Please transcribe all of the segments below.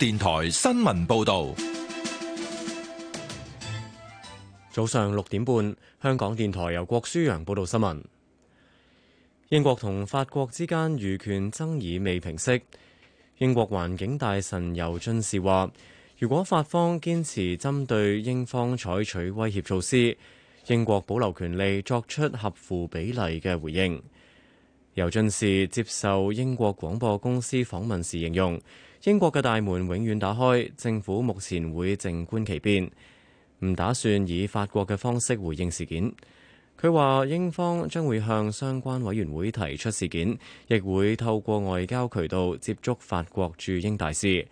電台新聞報道，早上六點半，香港電台由郭書洋報道新聞。英國同法國之間漁權爭議未平息，英國環境大臣尤俊士話：如果法方堅持針對英方採取威脅措施，英國保留權利作出合乎比例嘅回應。尤俊士接受英國廣播公司訪問時形容。英國嘅大門永遠打開，政府目前會靜觀其變，唔打算以法國嘅方式回應事件。佢話，英方將會向相關委員會提出事件，亦會透過外交渠道接觸法國駐英大使。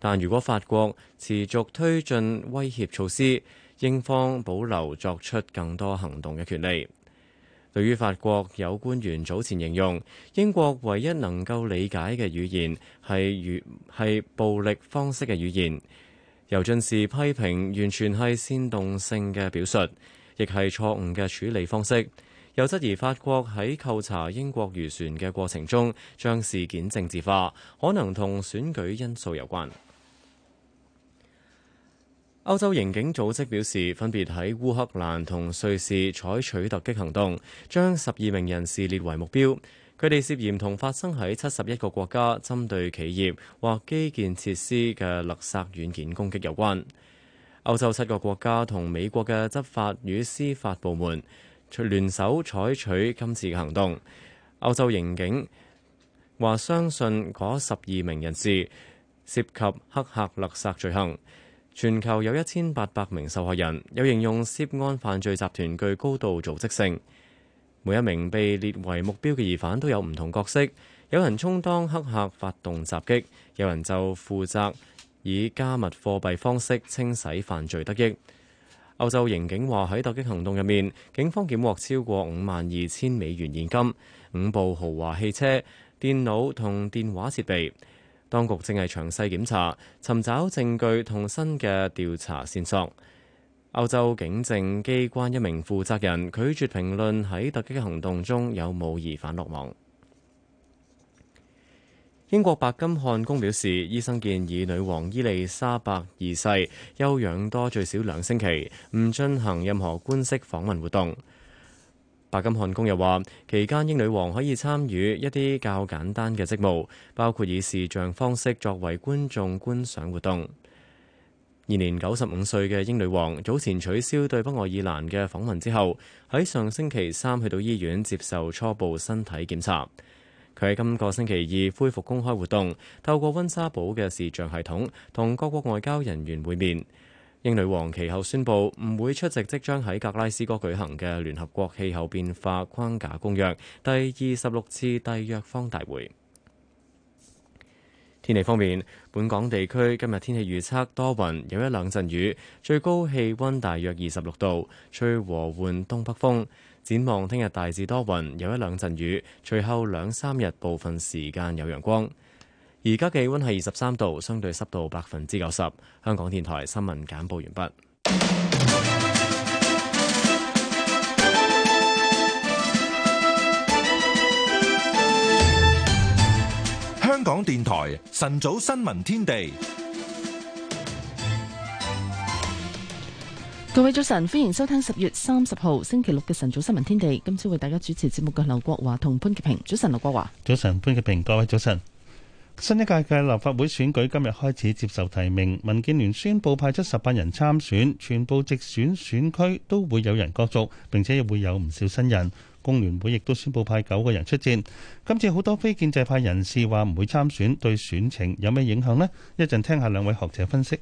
但如果法國持續推進威脅措施，英方保留作出更多行動嘅權利。對於法國有官員早前形容英國唯一能夠理解嘅語言係係暴力方式嘅語言，尤進士批評完全係煽動性嘅表述，亦係錯誤嘅處理方式，又質疑法國喺扣查英國漁船嘅過程中將事件政治化，可能同選舉因素有關。歐洲刑警組織表示，分別喺烏克蘭同瑞士採取突擊行動，將十二名人士列為目標。佢哋涉嫌同發生喺七十一個國家針對企業或基建設施嘅勒索軟件攻擊有關。歐洲七個國家同美國嘅執法與司法部門聯手採取今次嘅行動。歐洲刑警話：相信嗰十二名人士涉及黑客勒索罪行。全球有一千八百名受害人，有形容涉案犯罪集團具高度組織性。每一名被列為目標嘅疑犯都有唔同角色，有人充當黑客發動襲擊，有人就負責以加密貨幣方式清洗犯罪得益。歐洲刑警話，喺突擊行動入面，警方檢獲超過五萬二千美元現金、五部豪華汽車、電腦同電話設備。當局正係詳細檢查，尋找證據同新嘅調查線索。歐洲警政機關一名負責人拒絕評論喺突擊行動中有冇疑犯落網。英國白金漢宮表示，醫生建議女王伊麗莎白二世休養多最少兩星期，唔進行任何官式訪問活動。白金漢宮又話，期間英女王可以參與一啲較簡單嘅職務，包括以視像方式作為觀眾觀賞活動。現年九十五歲嘅英女王早前取消對北愛爾蘭嘅訪問之後，喺上星期三去到醫院接受初步身體檢查。佢喺今個星期二恢復公開活動，透過溫莎堡嘅視像系統同各國外交人員會面。英女王其後宣布唔會出席即將喺格拉斯哥舉行嘅聯合國氣候變化框架公約第二十六次締約方大會。天氣方面，本港地區今日天氣預測多雲，有一兩陣雨，最高氣温大約二十六度，吹和緩東北風。展望聽日大致多雲，有一兩陣雨，隨後兩三日部分時間有陽光。而家嘅温係二十三度，相對濕度百分之九十。香港電台新聞簡報完畢。香港電台晨早新聞天地，各位早晨，歡迎收聽十月三十號星期六嘅晨早新聞天地。今朝為大家主持節目嘅劉國華同潘潔平。早晨，劉國華早。早晨，潘潔平。各位早晨。新一屆嘅立法會選舉今日開始接受提名，民建聯宣布派出十八人參選，全部直選選區都會有人角逐，並且會有唔少新人。工聯會亦都宣布派九個人出戰。今次好多非建制派人士話唔會參選，對選情有咩影響呢？一陣聽下兩位學者分析。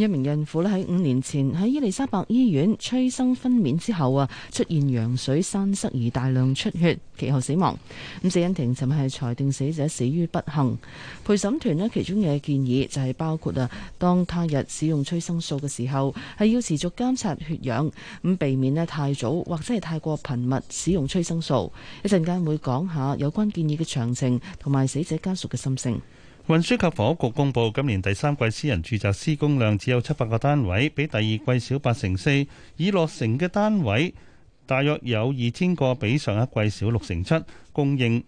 一名孕婦咧喺五年前喺伊利沙伯醫院催生分娩之後啊，出現羊水栓塞而大量出血，其後死亡。咁死因庭尋日係裁定死者死於不幸。陪審團咧其中嘅建議就係包括啊，當他日使用催生素嘅時候係要持續監察血氧，咁避免咧太早或者係太過頻密使用催生素。一陣間會講下有關建議嘅詳情同埋死者家屬嘅心聲。運輸及房屋局公布，今年第三季私人住宅施工量只有七百個單位，比第二季少八成四。已落成嘅單位大約有二千個，比上一季少六成七，供應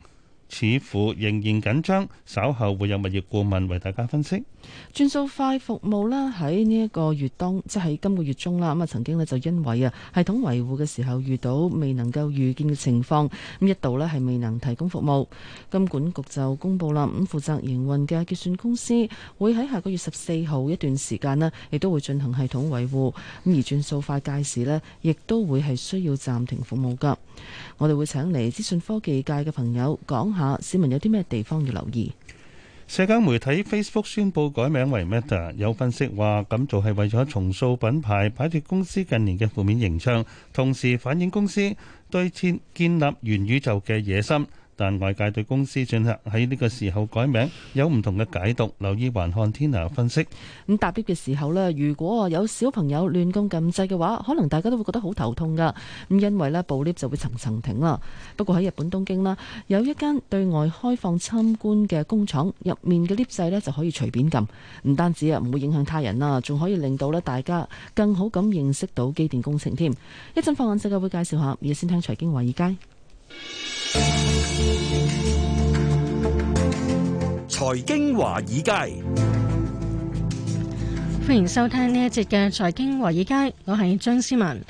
似乎仍然緊張，稍後會有物業顧問為大家分析。轉數快服務啦，喺呢一個月當，即係今個月中啦，咁啊曾經咧就因為啊系統維護嘅時候遇到未能夠預見嘅情況，咁一度咧係未能提供服務，金管局就公布啦，咁負責營運嘅結算公司會喺下個月十四號一段時間咧，亦都會進行系統維護，咁而轉數快屆時咧亦都會係需要暫停服務噶，我哋會請嚟資訊科技界嘅朋友講下。市民有啲咩地方要留意？社交媒體 Facebook 宣布改名為 Meta，有分析話咁做係為咗重塑品牌，擺脫公司近年嘅負面形象，同時反映公司對建建立元宇宙嘅野心。但外界對公司進行喺呢個時候改名有唔同嘅解讀。留意環看天下分析。咁搭 lift 嘅時候呢，如果有小朋友亂咁撳掣嘅話，可能大家都會覺得好頭痛㗎。咁因為呢，部 lift 就會層層停啦。不過喺日本東京啦，有一間對外開放參觀嘅工廠，入面嘅 lift 掣呢就可以隨便撳，唔單止啊，唔會影響他人啦，仲可以令到呢大家更好咁認識到機電工程添。一陣放眼世界會介紹下，而先聽財經華爾街。財經華爾街，歡迎收聽呢一節嘅財經華爾街，我係張思文。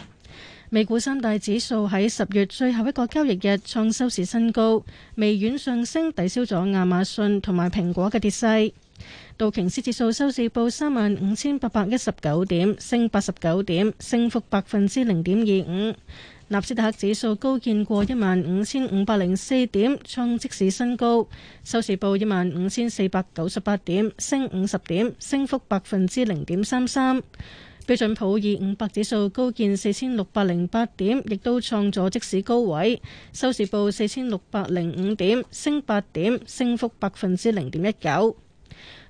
美股三大指數喺十月最後一個交易日創收市新高，微軟上升抵消咗亞馬遜同埋蘋果嘅跌勢。道瓊斯指數收市報三萬五千八百一十九點，升八十九點，升幅百分之零點二五。納斯達克指數高見過一萬五千五百零四點，創即市新高。收市報一萬五千四百九十八點，升五十點，升幅百分之零點三三。標準普爾五百指數高見四千六百零八點，亦都創咗即市高位。收市報四千六百零五點，升八點，升幅百分之零點一九。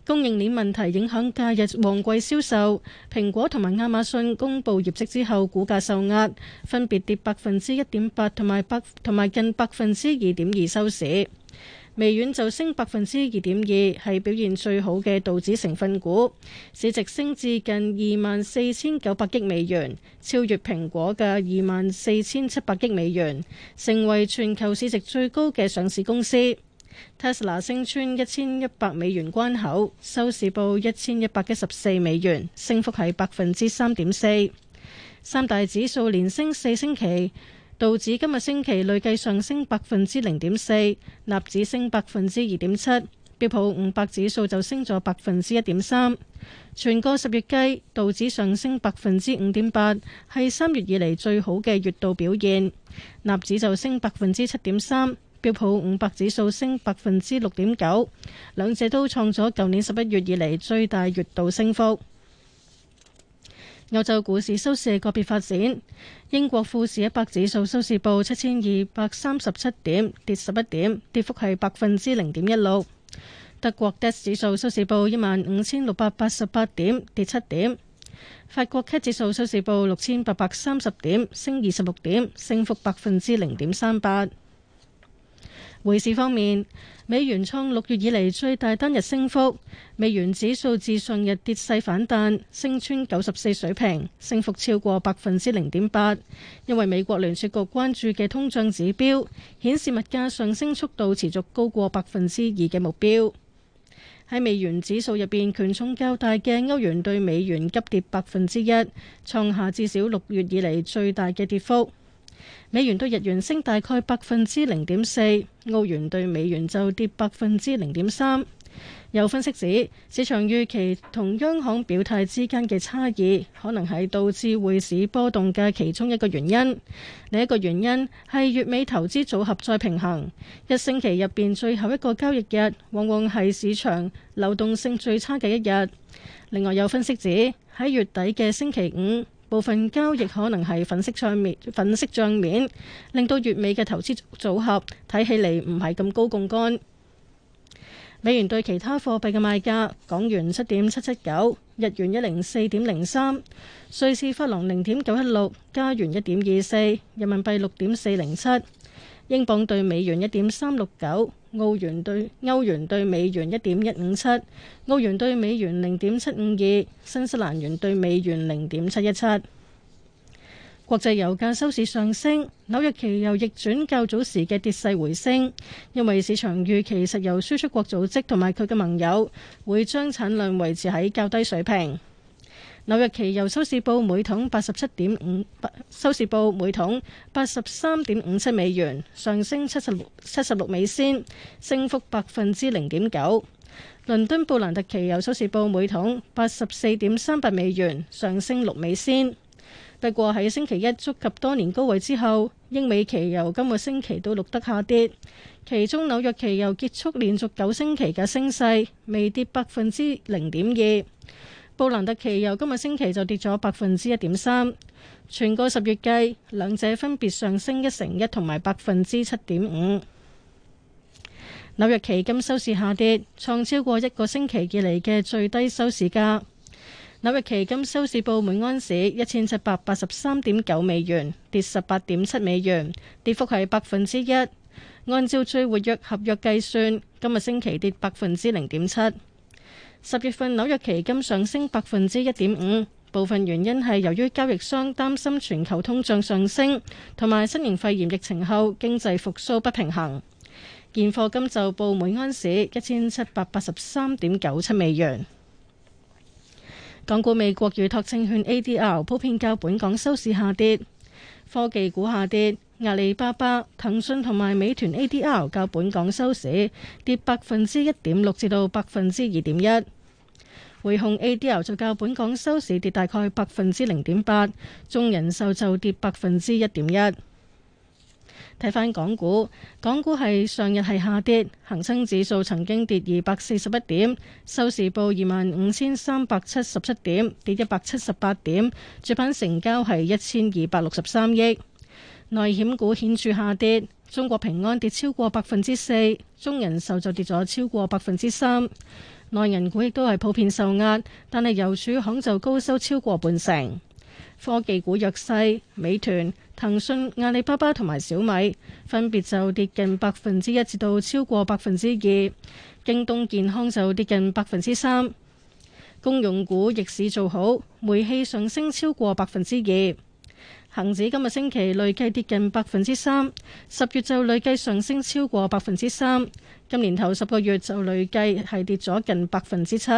供應鏈問題影響假日旺季銷售，蘋果同埋亞馬遜公布業績之後股價受壓，分別跌百分之一點八同埋百同埋近百分之二點二收市。微軟就升百分之二點二，係表現最好嘅道指成分股，市值升至近二萬四千九百億美元，超越蘋果嘅二萬四千七百億美元，成為全球市值最高嘅上市公司。Tesla 升穿一千一百美元關口，收市報一千一百一十四美元，升幅係百分之三點四。三大指數連升四星期，道指今日星期累計上升百分之零點四，納指升百分之二點七，標普五百指數就升咗百分之一點三。全個十月計，道指上升百分之五點八，係三月以嚟最好嘅月度表現，納指就升百分之七點三。標普五百指數升百分之六點九，兩者都創咗舊年十一月以嚟最大月度升幅。歐洲股市收市個別發展，英國富時一百指數收市報七千二百三十七點，跌十一點，跌幅係百分之零點一六。德國 DAX 指數收市報一萬五千六百八十八點，跌七點。法國 CAC 指數收市報六千八百三十點，升二十六點，升幅百分之零點三八。匯市方面，美元創六月以嚟最大單日升幅，美元指數自上日跌勢反彈，升穿九十四水平，升幅超過百分之零點八。因為美國聯儲局關注嘅通脹指標顯示物價上升速度持續高過百分之二嘅目標。喺美元指數入邊，權重較大嘅歐元對美元急跌百分之一，創下至少六月以嚟最大嘅跌幅。美元兌日元升大概百分之零點四，澳元兌美元就跌百分之零點三。有分析指，市場預期同央行表態之間嘅差異，可能係導致匯市波動嘅其中一個原因。另一個原因係月尾投資組合再平衡，一星期入邊最後一個交易日，往往係市場流動性最差嘅一日。另外有分析指，喺月底嘅星期五，部分交易可能係粉飾桌面、粉飾帳面，令到月尾嘅投資組合睇起嚟唔係咁高槓桿。美元對其他貨幣嘅賣價：港元七點七七九，日元一零四點零三，瑞士法郎零點九一六，加元一點二四，人民幣六點四零七。英鎊兌美元一點三六九，澳元兌歐元兌美元一點一五七，澳元兌美元零點七五二，新西蘭元兌美元零點七一七。國際油價收市上升，紐約期油逆轉較早時嘅跌勢回升，因為市場預期石油輸出國組織同埋佢嘅盟友會將產量維持喺較低水平。紐約期油收市報每桶八十七點五，收市報每桶八十三點五七美元，上升七十六七十六美仙，升幅百分之零點九。倫敦布蘭特期油收市報每桶八十四點三百美元，上升六美仙。不過喺星期一觸及多年高位之後，英美期油今個星期都錄得下跌，其中紐約期油結束連續九星期嘅升勢，微跌百分之零點二。布蘭特期油今日星期就跌咗百分之一點三，全個十月計，兩者分別上升一成一同埋百分之七點五。紐約期金收市下跌，創超過一個星期以嚟嘅最低收市價。紐約期金收市報每安士一千七百八十三點九美元，跌十八點七美元，跌幅係百分之一。按照最活躍合約計算，今日星期跌百分之零點七。十月份紐約期金上升百分之一點五，部分原因係由於交易商擔心全球通脹上升，同埋新型肺炎疫情後經濟復甦不平衡。現貨金就報每安士一千七百八十三點九七美元。港股美國預託證券 A.D.R 普遍較本港收市下跌，科技股下跌，阿里巴巴、騰訊同埋美團 A.D.R 較本港收市跌百分之一點六至到百分之二點一。匯控 A.D.R. 就較本港收市跌大概百分之零點八，中人壽就跌百分之一點一。睇返港股，港股係上日係下跌，恒生指數曾經跌二百四十一點，收市報二萬五千三百七十七點，跌一百七十八點。主板成交係一千二百六十三億。內險股顯著下跌，中國平安跌超過百分之四，中人壽就跌咗超過百分之三。內人股亦都係普遍受壓，但係郵儲行就高收超過半成。科技股弱勢，美團、騰訊、阿里巴巴同埋小米分別就跌近百分之一至到超過百分之二。京東健康就跌近百分之三。公用股逆市做好，煤氣上升超過百分之二。恒指今個星期累計跌近百分之三，十月就累計上升超過百分之三，今年頭十個月就累計係跌咗近百分之七。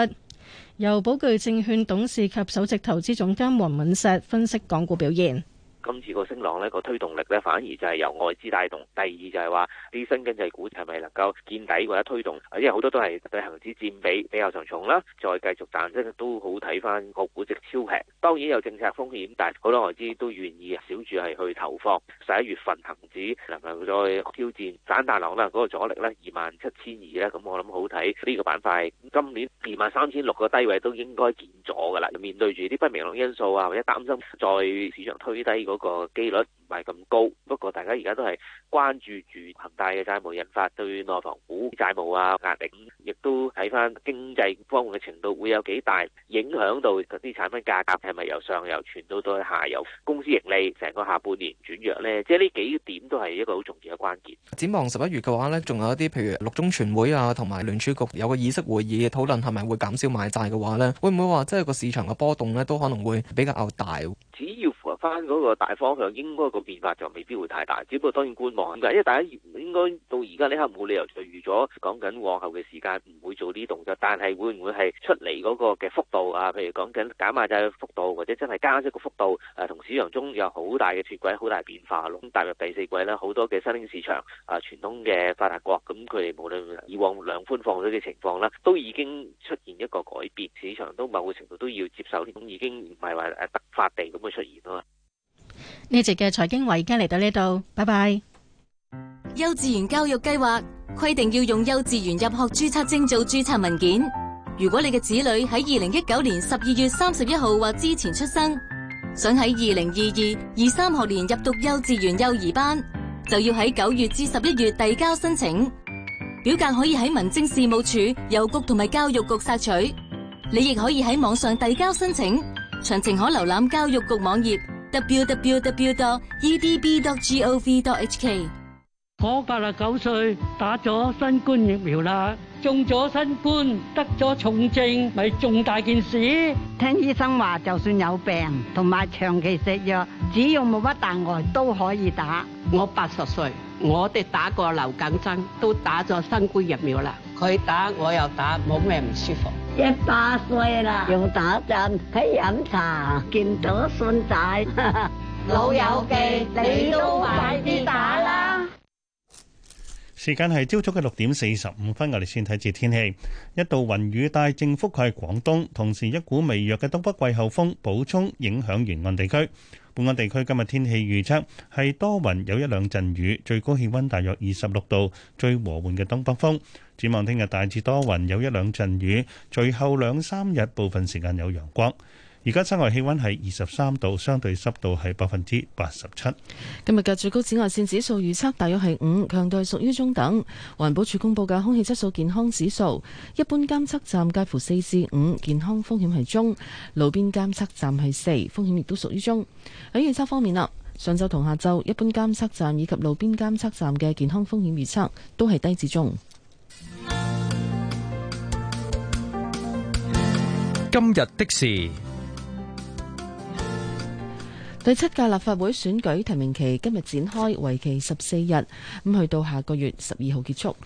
由寶具證券董事及首席投資總監黃敏石分析港股表現。今次個升浪咧，個推動力咧，反而就係由外資帶動。第二就係話啲新經濟股係咪能夠見底或者推動？因為好多都係對恆指佔比比較重重啦，再繼續賺，即係都好睇翻個估值超平。當然有政策風險，但係好多外資都願意少住係去投放。十一月份恒指能唔能夠再挑戰單大浪啦？嗰個阻力咧，二萬七千二咧，咁我諗好睇呢個板塊。今年二萬三千六個低位都應該見咗㗎啦。面對住啲不明朗因素啊，或者擔心再市場推低個個機率唔係咁高，不過大家而家都係關注住恒大嘅債務引發對內房股債務啊壓力，亦都睇翻經濟方面嘅程度會有幾大影響到啲產品價格係咪由上游傳到到下游公司盈利成個下半年轉弱呢？即係呢幾點都係一個好重要嘅關鍵。展望十一月嘅話呢，仲有一啲譬如六中全會啊，同埋聯儲局有個議息會議嘅討論，係咪會減少買債嘅話呢，會唔會話即係個市場嘅波動呢都可能會比較大？只要。翻嗰個大方向，應該個變化就未必會太大，只不過當然觀望。因為大家應該到而家呢刻冇理由就預咗講緊往後嘅時間唔會做呢動作，但係會唔會係出嚟嗰個嘅幅度啊？譬如講緊減碼債嘅幅度，或者真係加息嘅幅度，誒、啊、同市場中有好大嘅脫軌、好大變化咁，嗯，踏入第四季咧，好多嘅新興市場啊，傳統嘅發達國，咁佢哋無論以往量寬放水嘅情況啦，都已經出現一個改變，市場都某個程度都要接受呢種已經唔係話誒突發地咁嘅出現啊嘛。呢集嘅財經話而家嚟到呢度，拜拜。幼稚園教育計劃規定要用幼稚園入學註冊證做註冊文件。如果你嘅子女喺二零一九年十二月三十一號或之前出生，想喺二零二二二三學年入讀幼稚園幼兒班，就要喺九月至十一月遞交申請。表格可以喺民政事務處、郵局同埋教育局索取。你亦可以喺網上遞交申請，詳情可瀏覽教育局網頁。w w w d o t e d b d o t g o v d o t h k。我八十九歲打咗新冠疫苗啦，中咗新冠得咗重症咪重大件事。聽醫生話，就算有病同埋長期食藥，只要冇乜大礙都可以打。我八十歲，我哋打過流感針，都打咗新冠疫苗啦。佢打我又打，冇咩唔舒服。一八歲啦，用打針，喺飲茶，見到孫仔，老友記，你都快啲打啦！時間係朝早嘅六點四十五分，我哋先睇住天氣，一道雲雨帶正覆蓋廣東，同時一股微弱嘅東北季候風補充影響沿岸地區。本港地區今日天，天氣預測係多雲有一兩陣雨，最高氣温大約二十六度，最和緩嘅東北風。展望聽日大致多雲有一兩陣雨，隨後兩三日部分時間有陽光。而家室外氣温係二十三度，相對濕度係百分之八十七。今日嘅最高紫外線指數預測大約係五，強度屬於中等。環保署公布嘅空氣質素健康指數，一般監測站介乎四至五，健康風險係中；路邊監測站係四，風險亦都屬於中。喺預測方面啦，上晝同下晝一般監測站以及路邊監測站嘅健康風險預測都係低至中。今日的事。第七屆立法會選舉提名期今日展開，為期十四日，咁去到下個月十二號結束。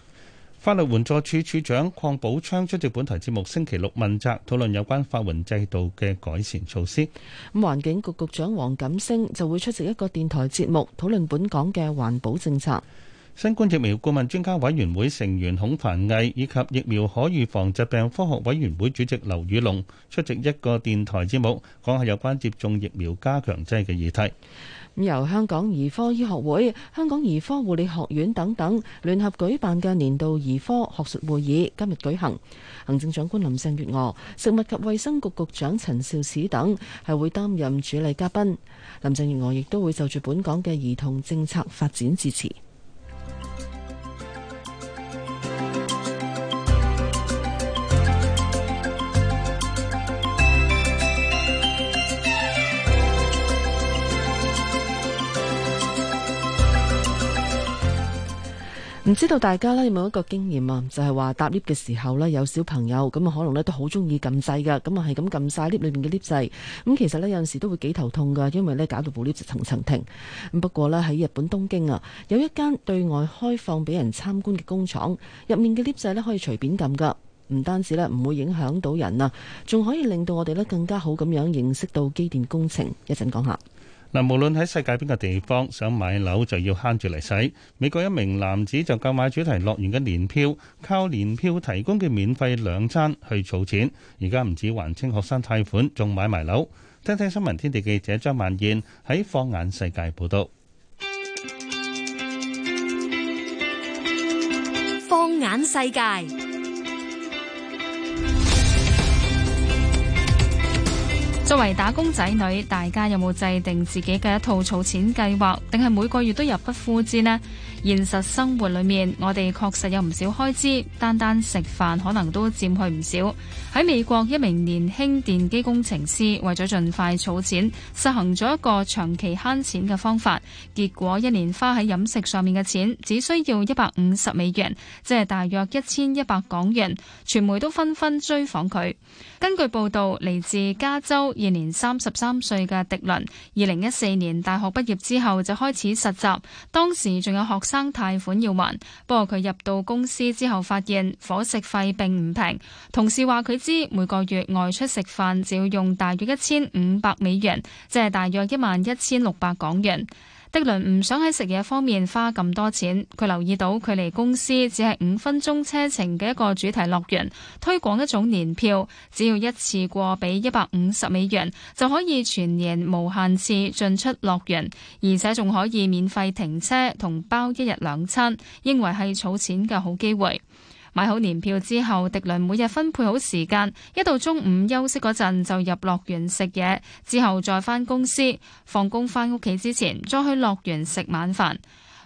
法律援助處處長鄺寶昌出席本台節目，星期六問責，討論有關法援制度嘅改善措施。咁環境局局長黃錦星就會出席一個電台節目，討論本港嘅環保政策。新冠疫苗顧問專家委員會成員孔凡毅以及疫苗可預防疾病科學委員會主席劉宇龍出席一個電台節目，講下有關接種疫苗加強劑嘅議題。咁由香港兒科醫學會、香港兒科護理學院等等聯合舉辦嘅年度兒科學術會議今日舉行，行政長官林鄭月娥、食物及衛生局局長陳肇始等係會擔任主禮嘉賓，林鄭月娥亦都會就住本港嘅兒童政策發展致辭。唔知道大家咧有冇一個經驗啊？就係話搭 lift 嘅時候呢，有小朋友咁啊，可能咧都好中意撳掣噶，咁啊係咁撳晒 lift 裏面嘅 lift 掣。咁其實呢有陣時都會幾頭痛噶，因為呢搞到部 lift 層層停。咁不過呢，喺日本東京啊，有一間對外開放俾人參觀嘅工廠，入面嘅 lift 掣咧可以隨便撳噶，唔單止呢唔會影響到人啊，仲可以令到我哋呢更加好咁樣認識到機電工程。一陣講下。嗱，無論喺世界邊個地方，想買樓就要慳住嚟使。美國一名男子就購買主題樂園嘅年票，靠年票提供嘅免費兩餐去儲錢。而家唔止還清學生貸款，仲買埋樓。聽聽新聞天地記者張萬燕喺《放眼世界》報道。放眼世界。作為打工仔女，大家有冇制定自己嘅一套儲錢計劃，定係每個月都入不敷支呢？現實生活裏面，我哋確實有唔少開支，單單食飯可能都佔去唔少。喺美國，一名年輕電機工程師為咗儘快儲錢，實行咗一個長期慳錢嘅方法，結果一年花喺飲食上面嘅錢只需要一百五十美元，即係大約一千一百港元。傳媒都紛紛追訪佢。根據報道，嚟自加州，現年三十三歲嘅迪倫，二零一四年大學畢業之後就開始實習，當時仲有學生。生貸款要還，不過佢入到公司之後，發現伙食費並唔平。同事話佢知，每個月外出食飯就要用大約一千五百美元，即係大約一萬一千六百港元。迪倫唔想喺食嘢方面花咁多錢，佢留意到距離公司只係五分鐘車程嘅一個主題樂園，推廣一種年票，只要一次過俾一百五十美元，就可以全年無限次進出樂園，而且仲可以免費停車同包一日兩餐，認為係儲錢嘅好機會。買好年票之後，迪倫每日分配好時間，一到中午休息嗰陣就入樂園食嘢，之後再返公司放工，返屋企之前再去樂園食晚飯。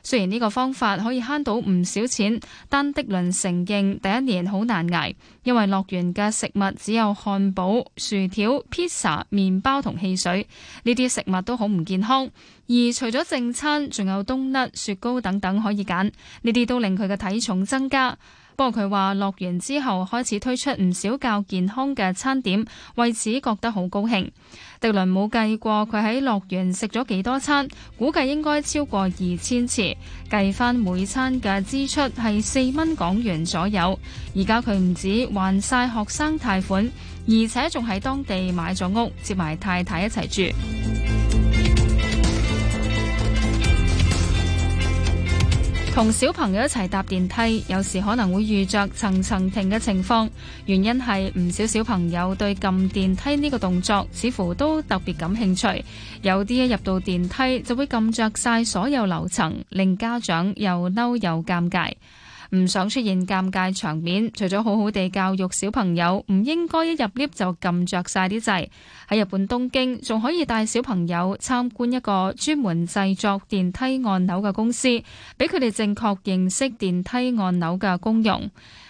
雖然呢個方法可以慳到唔少錢，但迪倫承認第一年好難挨，因為樂園嘅食物只有漢堡、薯條、披薩、麵包同汽水，呢啲食物都好唔健康，而除咗正餐，仲有冬甩、雪糕等等可以揀，呢啲都令佢嘅體重增加。不過佢話樂園之後開始推出唔少較健康嘅餐點，為此覺得好高興。迪倫冇計過佢喺樂園食咗幾多餐，估計應該超過二千次。計翻每餐嘅支出係四蚊港元左右。而家佢唔止還晒學生貸款，而且仲喺當地買咗屋，接埋太太一齊住。同小朋友一齊搭電梯，有時可能會遇着層層停嘅情況，原因係唔少小朋友對撳電梯呢個動作似乎都特別感興趣，有啲一入到電梯就會撳着晒所有樓層，令家長又嬲又尷尬。唔想出現尷尬場面，除咗好好地教育小朋友，唔應該一入 lift 就撳着晒啲掣。喺日本東京，仲可以帶小朋友參觀一個專門製作電梯按鈕嘅公司，俾佢哋正確認識電梯按鈕嘅功用。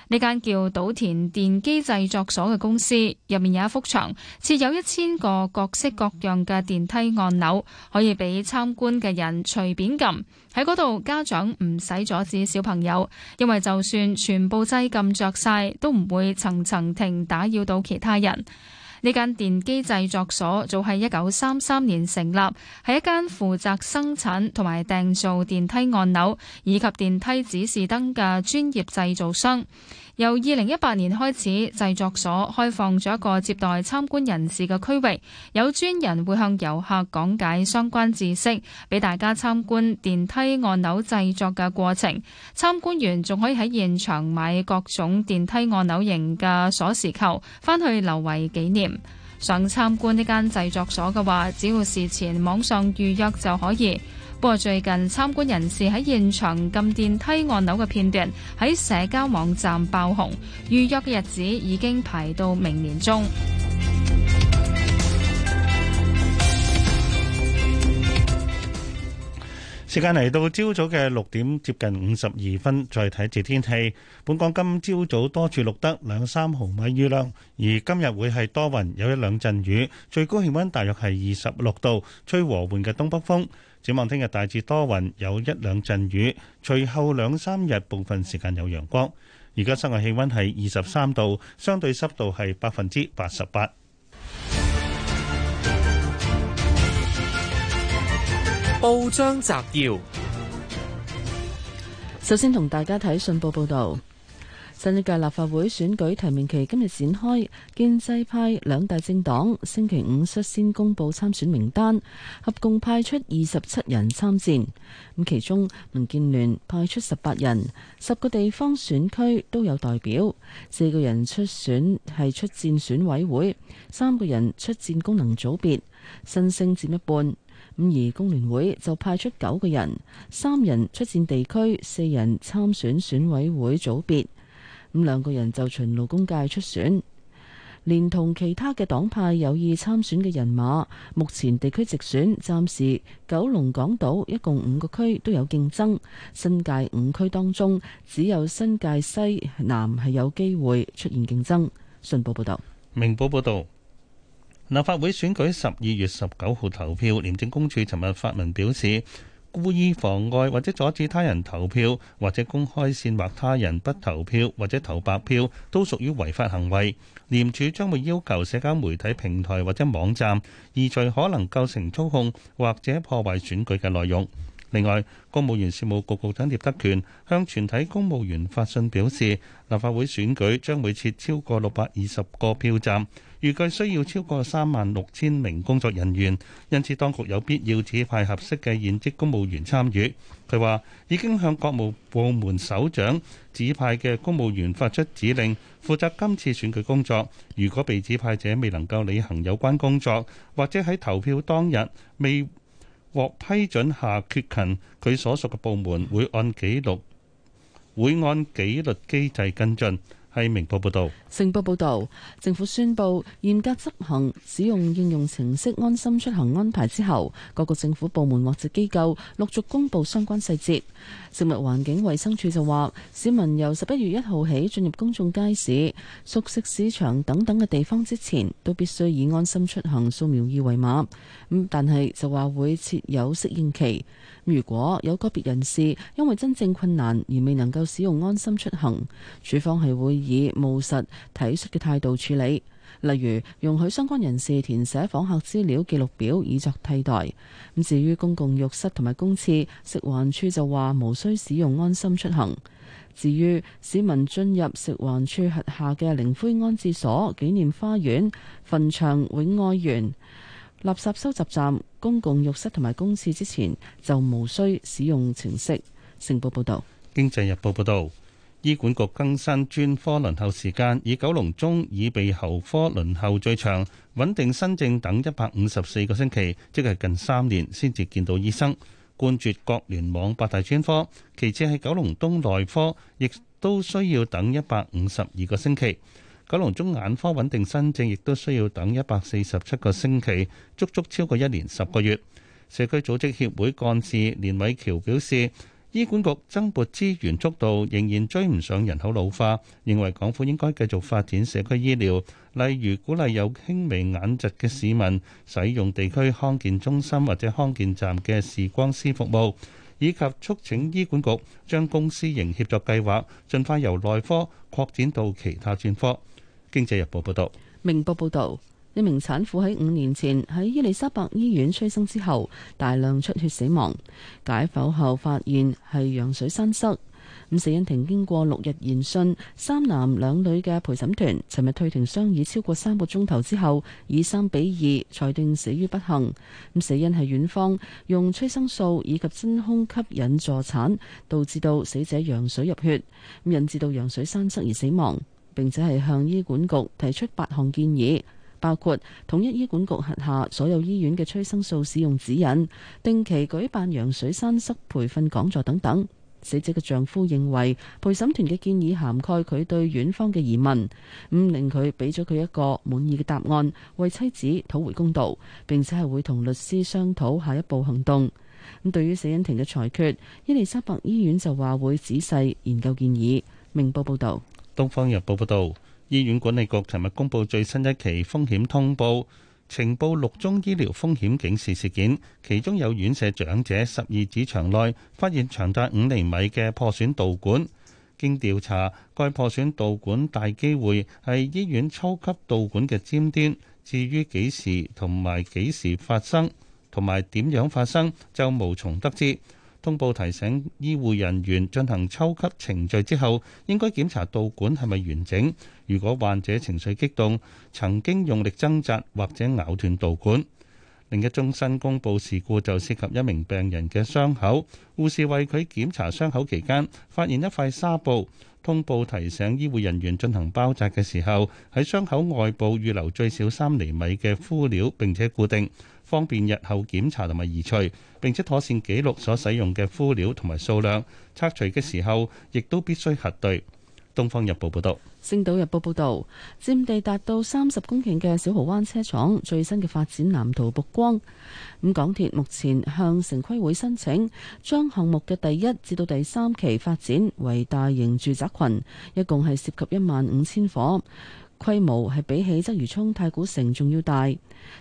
呢間叫島田電機製作所嘅公司入面有一幅牆，設有一千個各式各樣嘅電梯按鈕，可以俾參觀嘅人隨便撳。喺嗰度，家長唔使阻止小朋友，因為就算全部掣撳着晒，都唔會層層停打擾到其他人。呢間電機製作所早喺一九三三年成立，係一間負責生產同埋訂造電梯按鈕以及電梯指示燈嘅專業製造商。由二零一八年開始，製作所開放咗一個接待參觀人士嘅區域，有專人會向遊客講解相關知識，俾大家參觀電梯按鈕製作嘅過程。參觀員仲可以喺現場買各種電梯按鈕型嘅鎖匙扣，返去留為紀念。想參觀呢間製作所嘅話，只要事前網上預約就可以。不過最近參觀人士喺現場撳電梯按鈕嘅片段喺社交網站爆紅，預約嘅日子已經排到明年中。時間嚟到，朝早嘅六點接近五十二分，再睇住天氣。本港今朝早早多處錄得兩三毫米雨量，而今日會係多雲，有一兩陣雨，最高氣溫大約係二十六度，吹和緩嘅東北風。展望聽日大致多雲，有一兩陣雨。隨後兩三日部分時間有陽光。而家室外氣温係二十三度，相對濕度係百分之八十八。報章摘要，首先同大家睇信報報道。新一屆立法會選舉提名期今日展開，建制派兩大政黨星期五率先公布參選名單，合共派出二十七人參戰。咁其中民建聯派出十八人，十個地方選區都有代表，四個人出選係出戰選委會，三個人出戰功能組別，新星佔一半。咁而工聯會就派出九個人，三人出戰地區，四人參選選委會組別。咁兩個人就循勞工界出選，連同其他嘅黨派有意參選嘅人馬，目前地區直選暫時，九龍港島一共五個區都有競爭。新界五區當中，只有新界西南係有機會出現競爭。信報報道，明報報道，立法會選舉十二月十九號投票，廉政公署尋日發文表示。故意妨礙或者阻止他人投票，或者公開煽惑他人不投票或者投白票，都屬於違法行為。廉署將會要求社交媒體平台或者網站移除可能構成操控或者破壞選舉嘅內容。另外，公務員事務局局長聶德權向全體公務員發信表示，立法會選舉將會設超過六百二十個票站。預計需要超過三萬六千名工作人員，因此當局有必要指派合適嘅現職公務員參與。佢話已經向國務部門首長指派嘅公務員發出指令，負責今次選舉工作。如果被指派者未能夠履行有關工作，或者喺投票當日未獲批准下缺勤，佢所屬嘅部門會按紀錄，會按紀律機制跟進。係明報報道，成報報道，政府宣佈嚴格執行使用應用程式安心出行安排之後，各個政府部門或者機構陸續公布相關細節。食物環境衛生署就話，市民由十一月一號起進入公眾街市、熟食市場等等嘅地方之前，都必須以安心出行掃描二維碼。咁但係就話會設有適應期。如果有個別人士因為真正困難而未能夠使用安心出行，署方係會以務實體恤嘅態度處理，例如容許相關人士填寫訪客資料記錄表以作替代。咁至於公共浴室同埋公廁，食環署就話無需使用安心出行。至於市民進入食環署轄下嘅靈灰安置所、紀念花園、墳場、永愛園、垃圾收集站、公共浴室同埋公廁之前就無需使用程式。成報報道：經濟日報報道，醫管局更新專科輪候時間，以九龍中耳鼻喉科輪候最長，穩定新症等一百五十四個星期，即係近三年先至見到醫生。冠絕各聯網八大專科，其次係九龍東內科，亦都需要等一百五十二個星期。九龍中眼科穩定新症，亦都需要等一百四十七個星期，足足超過一年十個月。社區組織協會幹事連偉橋表示，醫管局增撥資源速度仍然追唔上人口老化，認為港府應該繼續發展社區醫療，例如鼓勵有輕微眼疾嘅市民使用地區康健中心或者康健站嘅視光師服務，以及促請醫管局將公私營協作計劃盡快由內科擴展到其他專科。經濟日報報導，明報報導，一名產婦喺五年前喺伊利沙伯醫院催生之後大量出血死亡。解剖後發現係羊水栓塞。咁死因庭經過六日延訊，三男兩女嘅陪審團，尋日退庭商議超過三個鐘頭之後，以三比二裁定死於不幸。咁死因係院方用催生素以及真空吸引助產，導致到死者羊水入血，引致到羊水栓塞而死亡。並且係向醫管局提出八項建議，包括統一醫管局轄下所有醫院嘅催生素使用指引，定期舉辦羊水栓塞培訓講座等等。死者嘅丈夫認為陪審團嘅建議涵蓋佢對院方嘅疑問，唔令佢俾咗佢一個滿意嘅答案，為妻子討回公道。並且係會同律師商討下一步行動。咁對於死因庭嘅裁決，伊利沙伯醫院就話會仔細研究建議。明報報導。《東方日報》報道，醫院管理局尋日公布最新一期風險通報，呈報六宗醫療風險警示事件，其中有院舍長者十二指腸內發現長達五厘米嘅破損導管，經調查，該破損導管大機會係醫院抽吸導管嘅尖端。至於幾時同埋幾時發生，同埋點樣發生，就無從得知。通報提醒醫護人員進行抽吸程序之後，應該檢查導管係咪完整。如果患者情緒激動，曾經用力掙扎或者咬斷導管。另一宗新公佈事故就涉及一名病人嘅傷口，護士為佢檢查傷口期間，發現一塊紗布。通報提醒醫護人員進行包紮嘅時候，喺傷口外部預留最少三厘米嘅敷料，並且固定。方便日後檢查同埋移除，並且妥善記錄所使用嘅敷料同埋數量。拆除嘅時候，亦都必須核對。《東方日報》報導，《星島日報》報導，佔地達到三十公頃嘅小蠔灣車廠最新嘅發展藍圖曝光。咁港鐵目前向城規會申請，將項目嘅第一至到第三期發展為大型住宅群，一共係涉及一萬五千夥。規模係比起鰂魚涌太古城仲要大，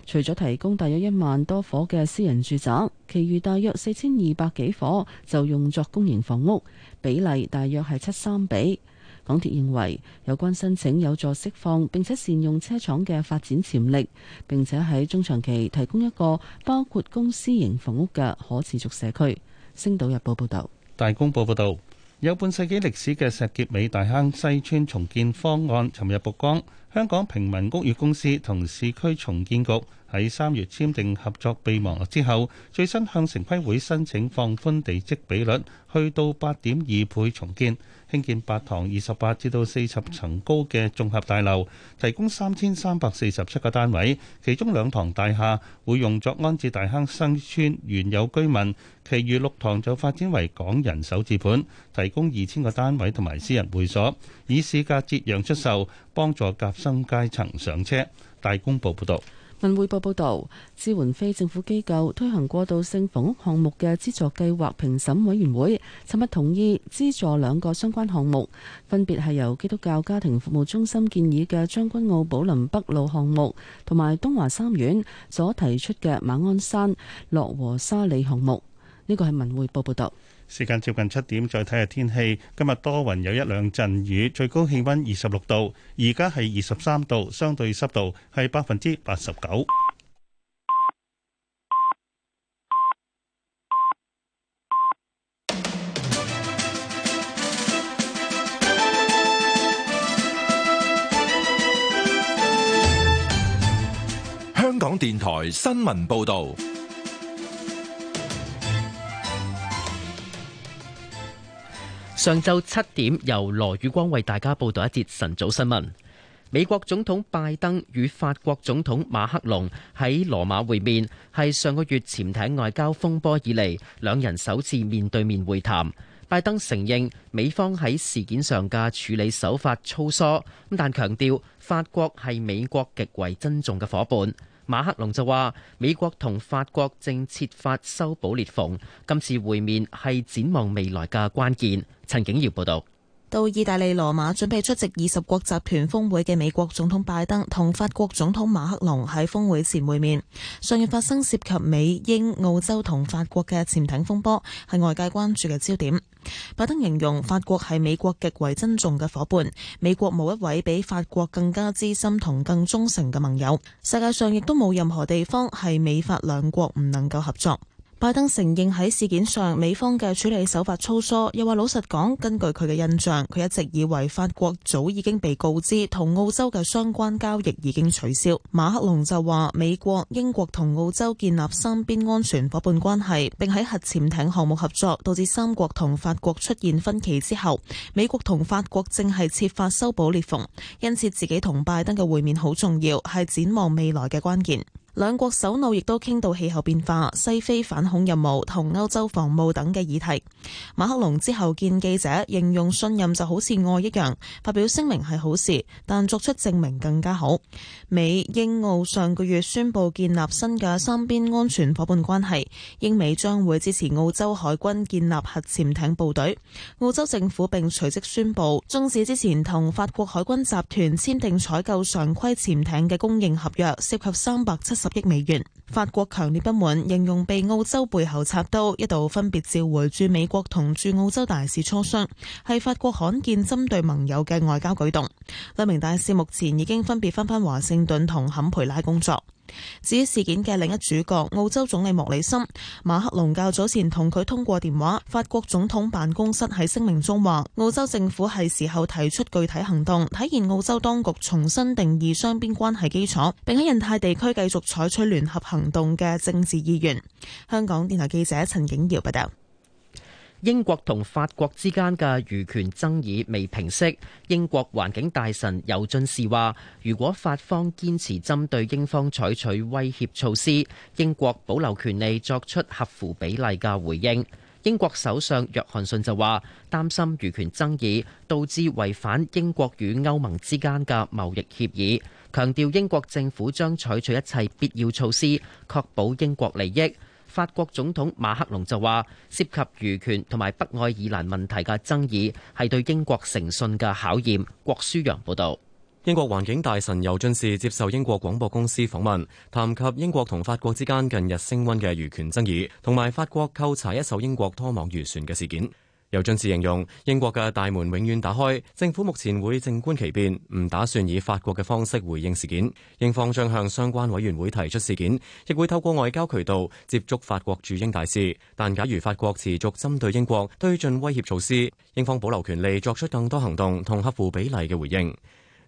除咗提供大約一萬多伙嘅私人住宅，其餘大約四千二百幾伙就用作公營房屋，比例大約係七三比。港鐵認為有關申請有助釋放並且善用車廠嘅發展潛力，並且喺中長期提供一個包括公私營房屋嘅可持續社區。星島日報報道。大公報報道。有半世紀歷史嘅石硤尾大坑西村重建方案，尋日曝光。香港平民屋宇公司同市區重建局喺三月簽訂合作備忘錄之後，最新向城規會申請放寬地積比率，去到八點二倍重建。興建八堂二十八至到四十層高嘅綜合大樓，提供三千三百四十七個單位，其中兩堂大廈會用作安置大坑新村原有居民，其餘六堂就發展為港人首置盤，提供二千個單位同埋私人會所，以市價折讓出售，幫助夾心階層上車。大公報報道。文匯報報道，支援非政府機構推行過渡性房屋項目嘅資助計劃評審委員會，尋日同意資助兩個相關項目，分別係由基督教家庭服務中心建議嘅將軍澳寶琳北路項目，同埋東華三院所提出嘅馬鞍山落禾沙里項目。呢個係文匯報報道。時間接近七點，再睇下天氣。今日多雲，有一兩陣雨，最高氣溫二十六度，而家係二十三度，相對濕度係百分之八十九。香港電台新聞報道。上晝七點，由羅宇光為大家報道一節晨早新聞。美國總統拜登與法國總統馬克龍喺羅馬會面，係上個月潛艇外交風波以嚟兩人首次面對面會談。拜登承認美方喺事件上嘅處理手法粗疏，但強調法國係美國極為珍重嘅夥伴。馬克龍就話：美國同法國正設法修補裂縫，今次會面係展望未來嘅關鍵。陳景堯報道。到意大利羅馬準備出席二十國集團峰會嘅美國總統拜登同法國總統馬克龍喺峰會前會面。上月發生涉及美英澳洲同法國嘅潛艇風波，係外界關注嘅焦點。拜登形容法國係美國極為珍重嘅夥伴，美國冇一位比法國更加資深同更忠誠嘅盟友。世界上亦都冇任何地方係美法兩國唔能夠合作。拜登承認喺事件上美方嘅處理手法粗疏，又話，老實講，根據佢嘅印象，佢一直以為法國早已經被告知同澳洲嘅相關交易已經取消。馬克龍就話，美國、英國同澳洲建立三邊安全伙伴關係，並喺核潛艇項目合作，導致三國同法國出現分歧之後，美國同法國正係設法修補裂縫，因此自己同拜登嘅會面好重要，係展望未來嘅關鍵。兩國首腦亦都傾到氣候變化、西非反恐任務同歐洲防務等嘅議題。馬克龍之後見記者，形容信任就好似愛一樣，發表聲明係好事，但作出證明更加好。美英澳上個月宣布建立新嘅三邊安全伙伴關係，英美將會支持澳洲海軍建立核潛艇部隊。澳洲政府並隨即宣布，終止之前同法國海軍集團簽訂採購常規潛艇嘅供應合約，涉及三百七十十億美元，法國強烈不滿，形容被澳洲背後插刀，一度分別召回駐美國同駐澳洲大使磋商，係法國罕見針對盟友嘅外交舉動。兩名大使目前已經分別翻返華盛頓同坎培拉工作。至於事件嘅另一主角澳洲總理莫里森，馬克龍較早前同佢通過電話。法國總統辦公室喺聲明中話，澳洲政府係時候提出具體行動，體現澳洲當局重新定義雙邊關係基礎，並喺印太地區繼續採取聯合行動嘅政治意願。香港電台記者陳景瑤報道。英國同法國之間嘅漁權爭議未平息。英國環境大臣尤俊士話：如果法方堅持針對英方採取威脅措施，英國保留權利作出合乎比例嘅回應。英國首相約翰遜就話：擔心漁權爭議導致違反英國與歐盟之間嘅貿易協議，強調英國政府將採取一切必要措施，確保英國利益。法國總統馬克龍就話，涉及漁權同埋北愛爾蘭問題嘅爭議，係對英國誠信嘅考驗。郭舒洋報道。英國環境大臣尤進士接受英國廣播公司訪問，談及英國同法國之間近日升溫嘅漁權爭議，同埋法國扣查一艘英國拖網漁船嘅事件。尤進是形容英國嘅大門永遠打開，政府目前會靜觀其變，唔打算以法國嘅方式回應事件。英方將向相關委員會提出事件，亦會透過外交渠道接觸法國駐英大使。但假如法國持續針對英國推進威脅措施，英方保留權利作出更多行動同合乎比例嘅回應。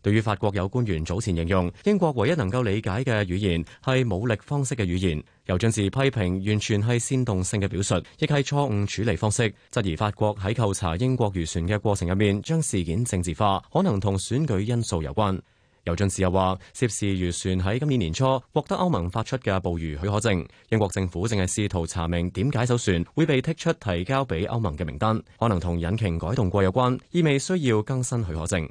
對於法國有官員早前形容，英國唯一能夠理解嘅語言係武力方式嘅語言。尤俊士批評完全係煽動性嘅表述，亦係錯誤處理方式，質疑法國喺扣查英國漁船嘅過程入面將事件政治化，可能同選舉因素有關。尤俊士又話，涉事漁船喺今年年初獲得歐盟發出嘅捕魚許可證，英國政府正係試圖查明點解艘船會被剔出提交俾歐盟嘅名單，可能同引擎改動過有關，意味需要更新許可證。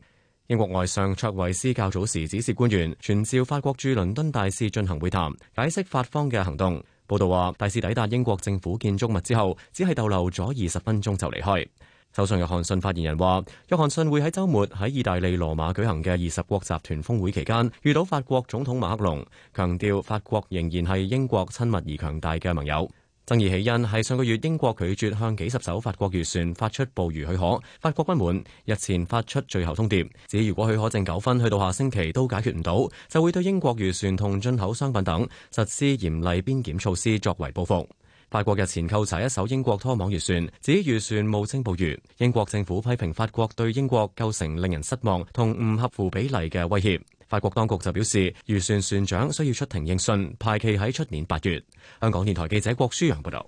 英國外相卓慧思較早時指示官員，傳召法國駐倫敦大使進行會談，解釋法方嘅行動。報道話，大使抵達英國政府建築物之後，只係逗留咗二十分鐘就離開。首相約翰遜發言人話，約翰遜會喺周末喺意大利羅馬舉行嘅二十國集團峰會期間，遇到法國總統馬克龍，強調法國仍然係英國親密而強大嘅盟友。爭議起因係上個月英國拒絕向幾十艘法國漁船發出捕魚許可，法國不滿日前發出最後通牒，指如果許可證糾紛去到下星期都解決唔到，就會對英國漁船同進口商品等實施嚴厲邊檢措施作為報復。法國日前扣查一艘英國拖網漁船，指漁船無證捕魚。英國政府批評法國對英國構成令人失望同唔合乎比例嘅威脅。法國當局就表示，預算船長需要出庭應訊，排期喺出年八月。香港電台記者郭舒洋報道。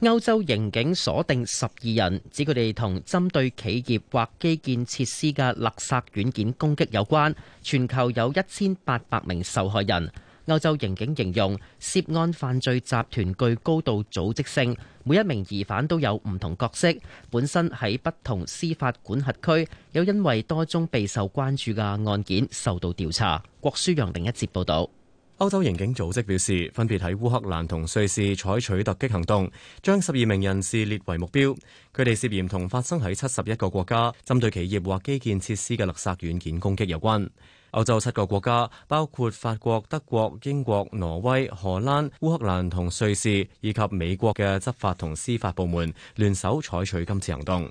歐洲刑警鎖定十二人，指佢哋同針對企業或基建設施嘅勒索軟件攻擊有關，全球有一千八百名受害人。歐洲刑警形容涉案犯罪集團具高度組織性，每一名疑犯都有唔同角色，本身喺不同司法管轄區，又因為多宗備受關注嘅案件受到調查。郭舒陽另一節報導。歐洲刑警組織表示，分別喺烏克蘭同瑞士採取突擊行動，將十二名人士列為目標。佢哋涉嫌同發生喺七十一個國家針對企業或基建設施嘅勒索軟件攻擊有關。歐洲七個國家，包括法國、德國、英國、挪威、荷蘭、烏克蘭同瑞士，以及美國嘅執法同司法部門聯手採取今次行動。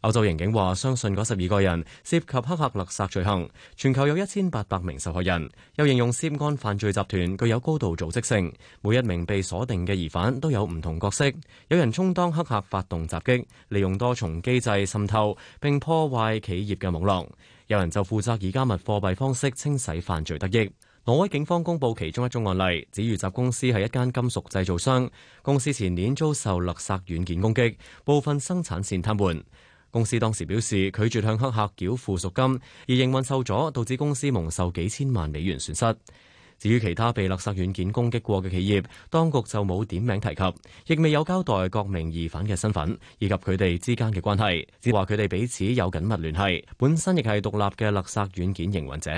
歐洲刑警話：相信嗰十二個人涉及黑客勒殺罪行。全球有一千八百名受害人。又形容涉案犯罪集團具有高度組織性，每一名被鎖定嘅疑犯都有唔同角色。有人充當黑客發動襲擊，利用多重機制滲透並破壞企業嘅網絡。有人就負責以加密貨幣方式清洗犯罪得益。挪威警方公布其中一宗案例，指預集公司係一間金屬製造商，公司前年遭受勒索軟件攻擊，部分生產線癱瘓。公司當時表示拒絕向黑客繳付贖金，而營運受阻，導致公司蒙受幾千萬美元損失。至於其他被勒索軟件攻擊過嘅企業，當局就冇點名提及，亦未有交代各名疑犯嘅身份以及佢哋之間嘅關係，只話佢哋彼此有緊密聯繫，本身亦係獨立嘅勒索軟件營運者。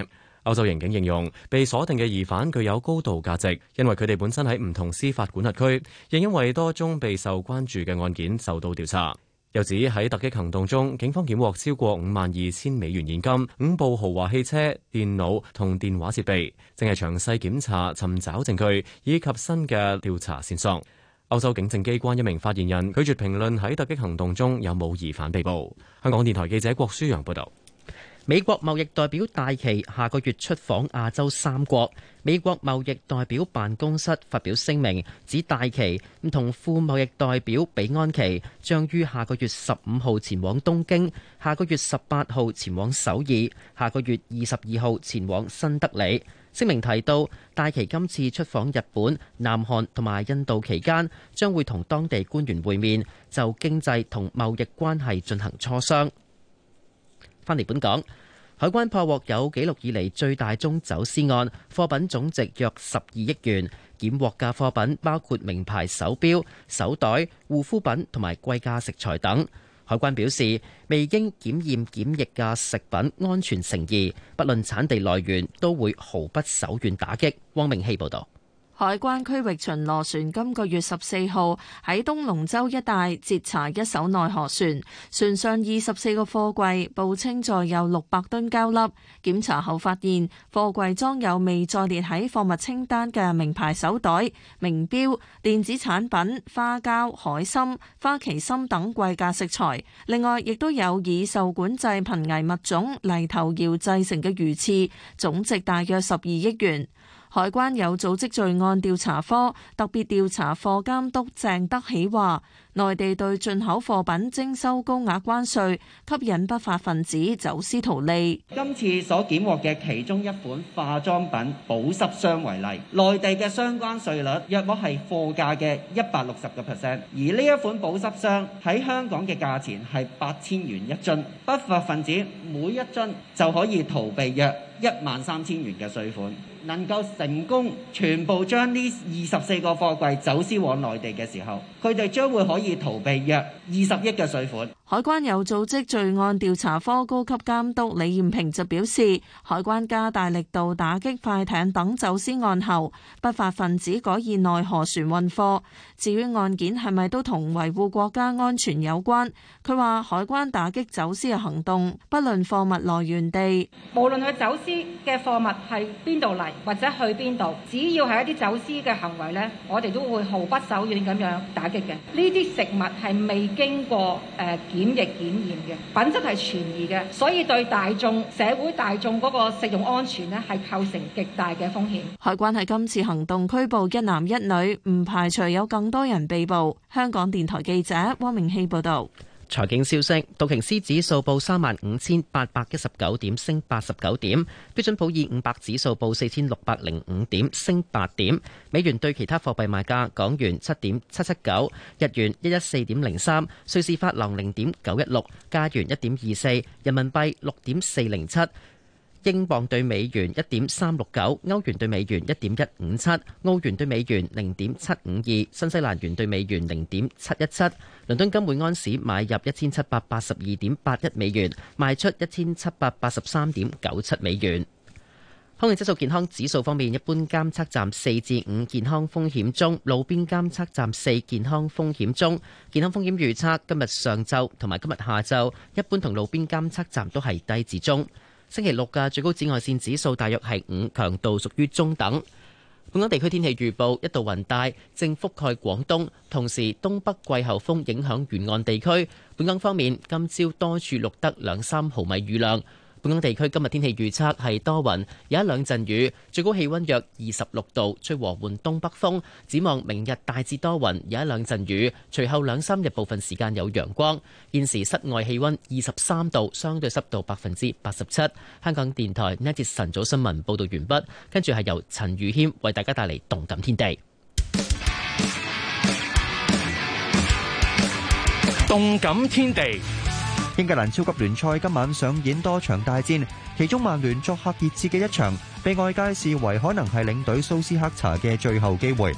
歐洲刑警形容被鎖定嘅疑犯具有高度價值，因為佢哋本身喺唔同司法管轄區，亦因為多宗備受關注嘅案件受到調查。又指喺突擊行動中，警方檢獲超過五萬二千美元現金、五部豪華汽車、電腦同電話設備，正係詳細檢查、尋找證據以及新嘅調查線索。歐洲警政機關一名發言人拒絕評論喺突擊行動中有冇疑犯被捕。香港電台記者郭舒陽報道。美國貿易代表戴琪下個月出訪亞洲三國，美國貿易代表辦公室發表聲明，指戴琪唔同副貿易代表比安琪將於下個月十五號前往東京，下個月十八號前往首爾，下個月二十二號前往新德里。聲明提到，戴琪今次出訪日本、南韓同埋印度期間，將會同當地官員會面，就經濟同貿易關係進行磋商。翻嚟本港，海關破獲有紀錄以嚟最大宗走私案，貨品總值約十二億元。檢獲嘅貨品包括名牌手錶、手袋、護膚品同埋貴價食材等。海關表示，未經檢驗檢疫嘅食品安全成疑，不論產地來源，都會毫不手軟打擊。汪明希報導。海關區域巡邏船今個月十四號喺東龍洲一帶截查一艘內河船，船上二十四個貨櫃，報稱載有六百噸膠粒。檢查後發現，貨櫃裝有未再列喺貨物清單嘅名牌手袋、名錶、電子產品、花膠、海參、花旗參等貴價食材。另外，亦都有以受管制瀕危物種泥頭搖製成嘅魚翅，總值大約十二億元。海關有組織罪案調查科特別調查課監督鄭德喜話，內地對進口貨品徵收高額關稅，吸引不法分子走私逃利。今次所檢獲嘅其中一款化妝品保濕霜為例，內地嘅相關稅率約莫係貨價嘅一百六十個 percent，而呢一款保濕霜喺香港嘅價錢係八千元一樽，不法分子每一樽就可以逃避約一萬三千元嘅稅款。能夠成功全部將呢二十四個貨櫃走私往內地嘅時候，佢哋將會可以逃避約二十億嘅稅款。海關有組織罪案調查科高級監督李艷平就表示，海關加大力度打擊快艇等走私案後，不法分子改以內河船運貨，至於案件係咪都同維護國家安全有關，佢話海關打擊走私嘅行動，不論貨物來源地，無論佢走私嘅貨物係邊度嚟。或者去邊度？只要係一啲走私嘅行為咧，我哋都會毫不手軟咁樣打擊嘅。呢啲食物係未經過誒檢疫檢驗嘅，品質係存疑嘅，所以對大眾社會大眾嗰個食用安全咧，係構成極大嘅風險。海關係今次行動拘捕一男一女，唔排除有更多人被捕。香港電台記者汪明熙報道。財經消息：道瓊斯指數報三萬五千八百一十九點，升八十九點；標準普爾五百指數報四千六百零五點，升八點。美元對其他貨幣賣價：港元七點七七九，日元一一四點零三，瑞士法郎零點九一六，加元一點二四，人民幣六點四零七。英鎊對美元一點三六九，歐元對美元一點一五七，歐元對美元零點七五二，新西蘭元對美元零點七一七。倫敦金每安士買入一千七百八十二點八一美元，賣出一千七百八十三點九七美元。空氣質素健康指數方面，一般監測站四至五健康風險中，路邊監測站四健康風險中。健康風險預測今日上晝同埋今日下晝，一般同路邊監測站都係低至中。星期六嘅最高紫外線指數大約係五，強度屬於中等。本港地區天氣預報，一度雲帶正覆蓋廣東，同時東北季候風影響沿岸地區。本港方面，今朝多處錄得兩三毫米雨量。本港地區今日天氣預測係多雲，有一兩陣雨，最高氣溫約二十六度，吹和緩東北風。展望明日大致多雲，有一兩陣雨，隨後兩三日部分時間有陽光。現時室外氣溫二十三度，相對濕度百分之八十七。香港電台呢一節晨早新聞報道完畢，跟住係由陳宇謙為大家帶嚟動感天地。動感天地。英格蘭超級聯賽今晚上演多場大戰，其中曼聯作客熱刺嘅一場，被外界視為可能係領隊蘇斯克查嘅最後機會。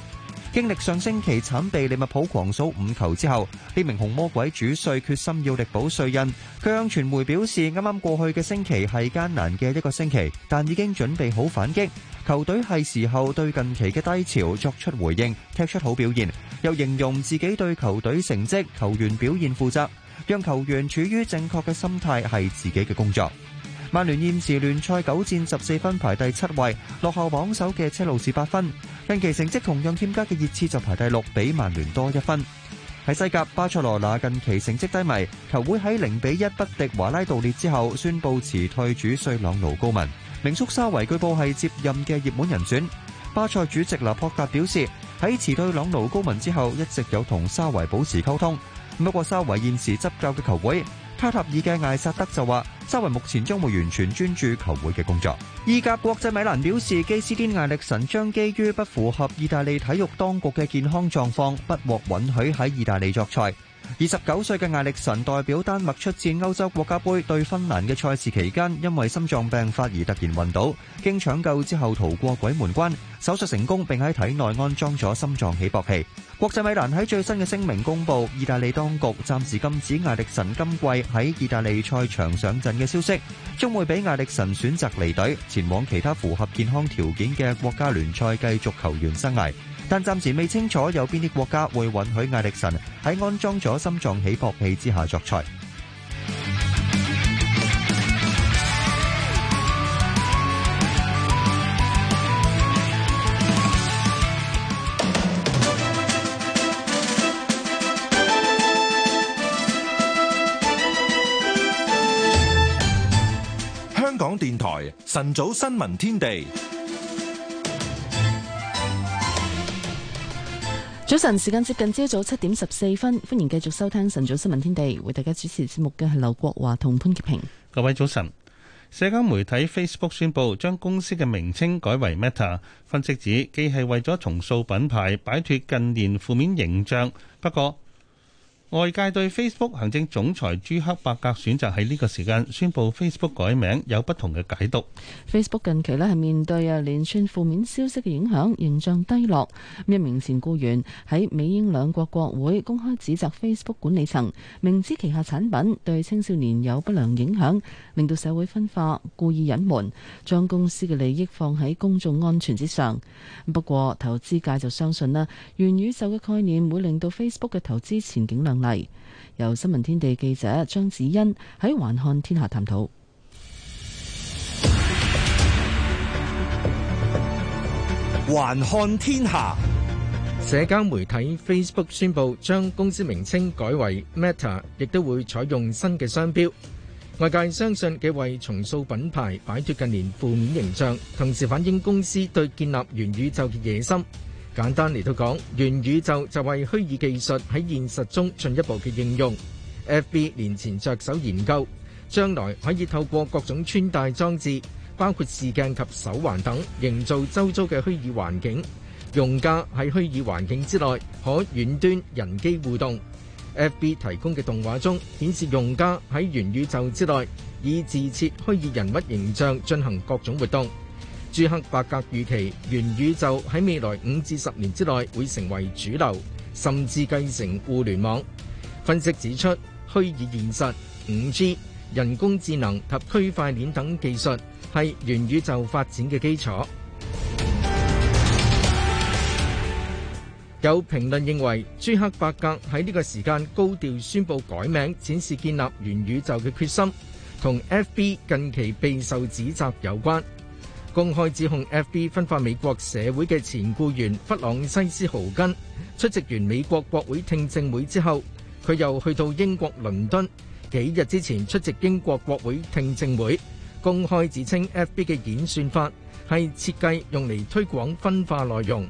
經歷上星期慘被利物浦狂掃五球之後，呢名紅魔鬼主帥決心要力保瑞恩。佢向傳媒表示：啱啱過去嘅星期係艱難嘅一個星期，但已經準備好反擊。球隊係時候對近期嘅低潮作出回應，踢出好表現。又形容自己對球隊成績、球員表現負責。讓球員處於正確嘅心態係自己嘅工作。曼聯現時聯賽九戰十四分排第七位，落後榜首嘅車路士八分。近期成績同樣欠佳嘅熱刺就排第六，比曼聯多一分。喺西甲，巴塞羅那近期成績低迷，球會喺零比一不敵華拉杜列之後，宣佈辭退主帥朗奴高文。名宿沙維據，據報係接任嘅熱門人選。巴塞主席納波達表示，喺辭退朗奴高文之後，一直有同沙維保持溝通。不過，沙維現時執教嘅球會卡塔爾嘅艾薩德就話：沙維目前將會完全專注球會嘅工作。意甲國際米蘭表示，基斯甸艾力神將基於不符合意大利體育當局嘅健康狀況，不獲允許喺意大利作賽。二十九歲嘅艾力神代表丹麥出戰歐洲國家盃對芬蘭嘅賽事期間，因為心臟病發而突然暈倒，經搶救之後逃過鬼門關，手術成功，並喺體內安裝咗心臟起搏器。國際米蘭喺最新嘅聲明公布，意大利當局暫時禁止艾力神今季喺意大利賽場上陣嘅消息，將會俾艾力神選擇離隊，前往其他符合健康條件嘅國家聯賽繼續球員生涯。但暫時未清楚有邊啲國家會允許艾力臣喺安裝咗心臟起搏器之下作賽。香港電台晨早新聞天地。早晨，時間接近朝早七點十四分，歡迎繼續收聽晨早新聞天地。為大家主持節目嘅係劉國華同潘潔平。各位早晨，社交媒體 Facebook 宣布將公司嘅名稱改為 Meta。分析指，既係為咗重塑品牌，擺脱近年負面形象。不過，外界對 Facebook 行政總裁朱克伯格選擇喺呢個時間宣佈 Facebook 改名有不同嘅解讀。Facebook 近期咧係面對啊連串負面消息嘅影響，形象低落。一名前僱員喺美英兩國國會公開指責 Facebook 管理層明知旗下產品對青少年有不良影響，令到社會分化，故意隱瞞，將公司嘅利益放喺公眾安全之上。不過投資界就相信咧，元宇宙嘅概念會令到 Facebook 嘅投資前景亮。係由新聞天地記者張子欣喺《環看天下》探討。環看天下，社交媒體 Facebook 宣布將公司名稱改為 Meta，亦都會採用新嘅商標。外界相信，佢為重塑品牌、擺脫近年負面形象，同時反映公司對建立元宇宙嘅野心。簡單嚟到講，元宇宙就係虛擬技術喺現實中進一步嘅應用。FB 年前着手研究，將來可以透過各種穿戴裝置，包括視鏡及手環等，營造周遭嘅虛擬環境。用家喺虛擬環境之內，可遠端人機互動。FB 提供嘅動畫中顯示，用家喺元宇宙之內，以自設虛擬人物形象進行各種活動。朱克伯格預期元宇宙喺未來五至十年之內會成為主流，甚至繼承互聯網。分析指出，虛擬現實、五 G、人工智能及區塊鏈等技術係元宇宙發展嘅基礎。 有評論認為，朱克伯格喺呢個時間高調宣布改名，展示建立元宇宙嘅決心，同 FB 近期備受指責有關。公開指控 FB 分化美國社會嘅前僱員弗朗西斯豪根出席完美國國會聽證會之後，佢又去到英國倫敦。幾日之前出席英國國會聽證會，公開指稱 FB 嘅演算法係設計用嚟推廣分化內容。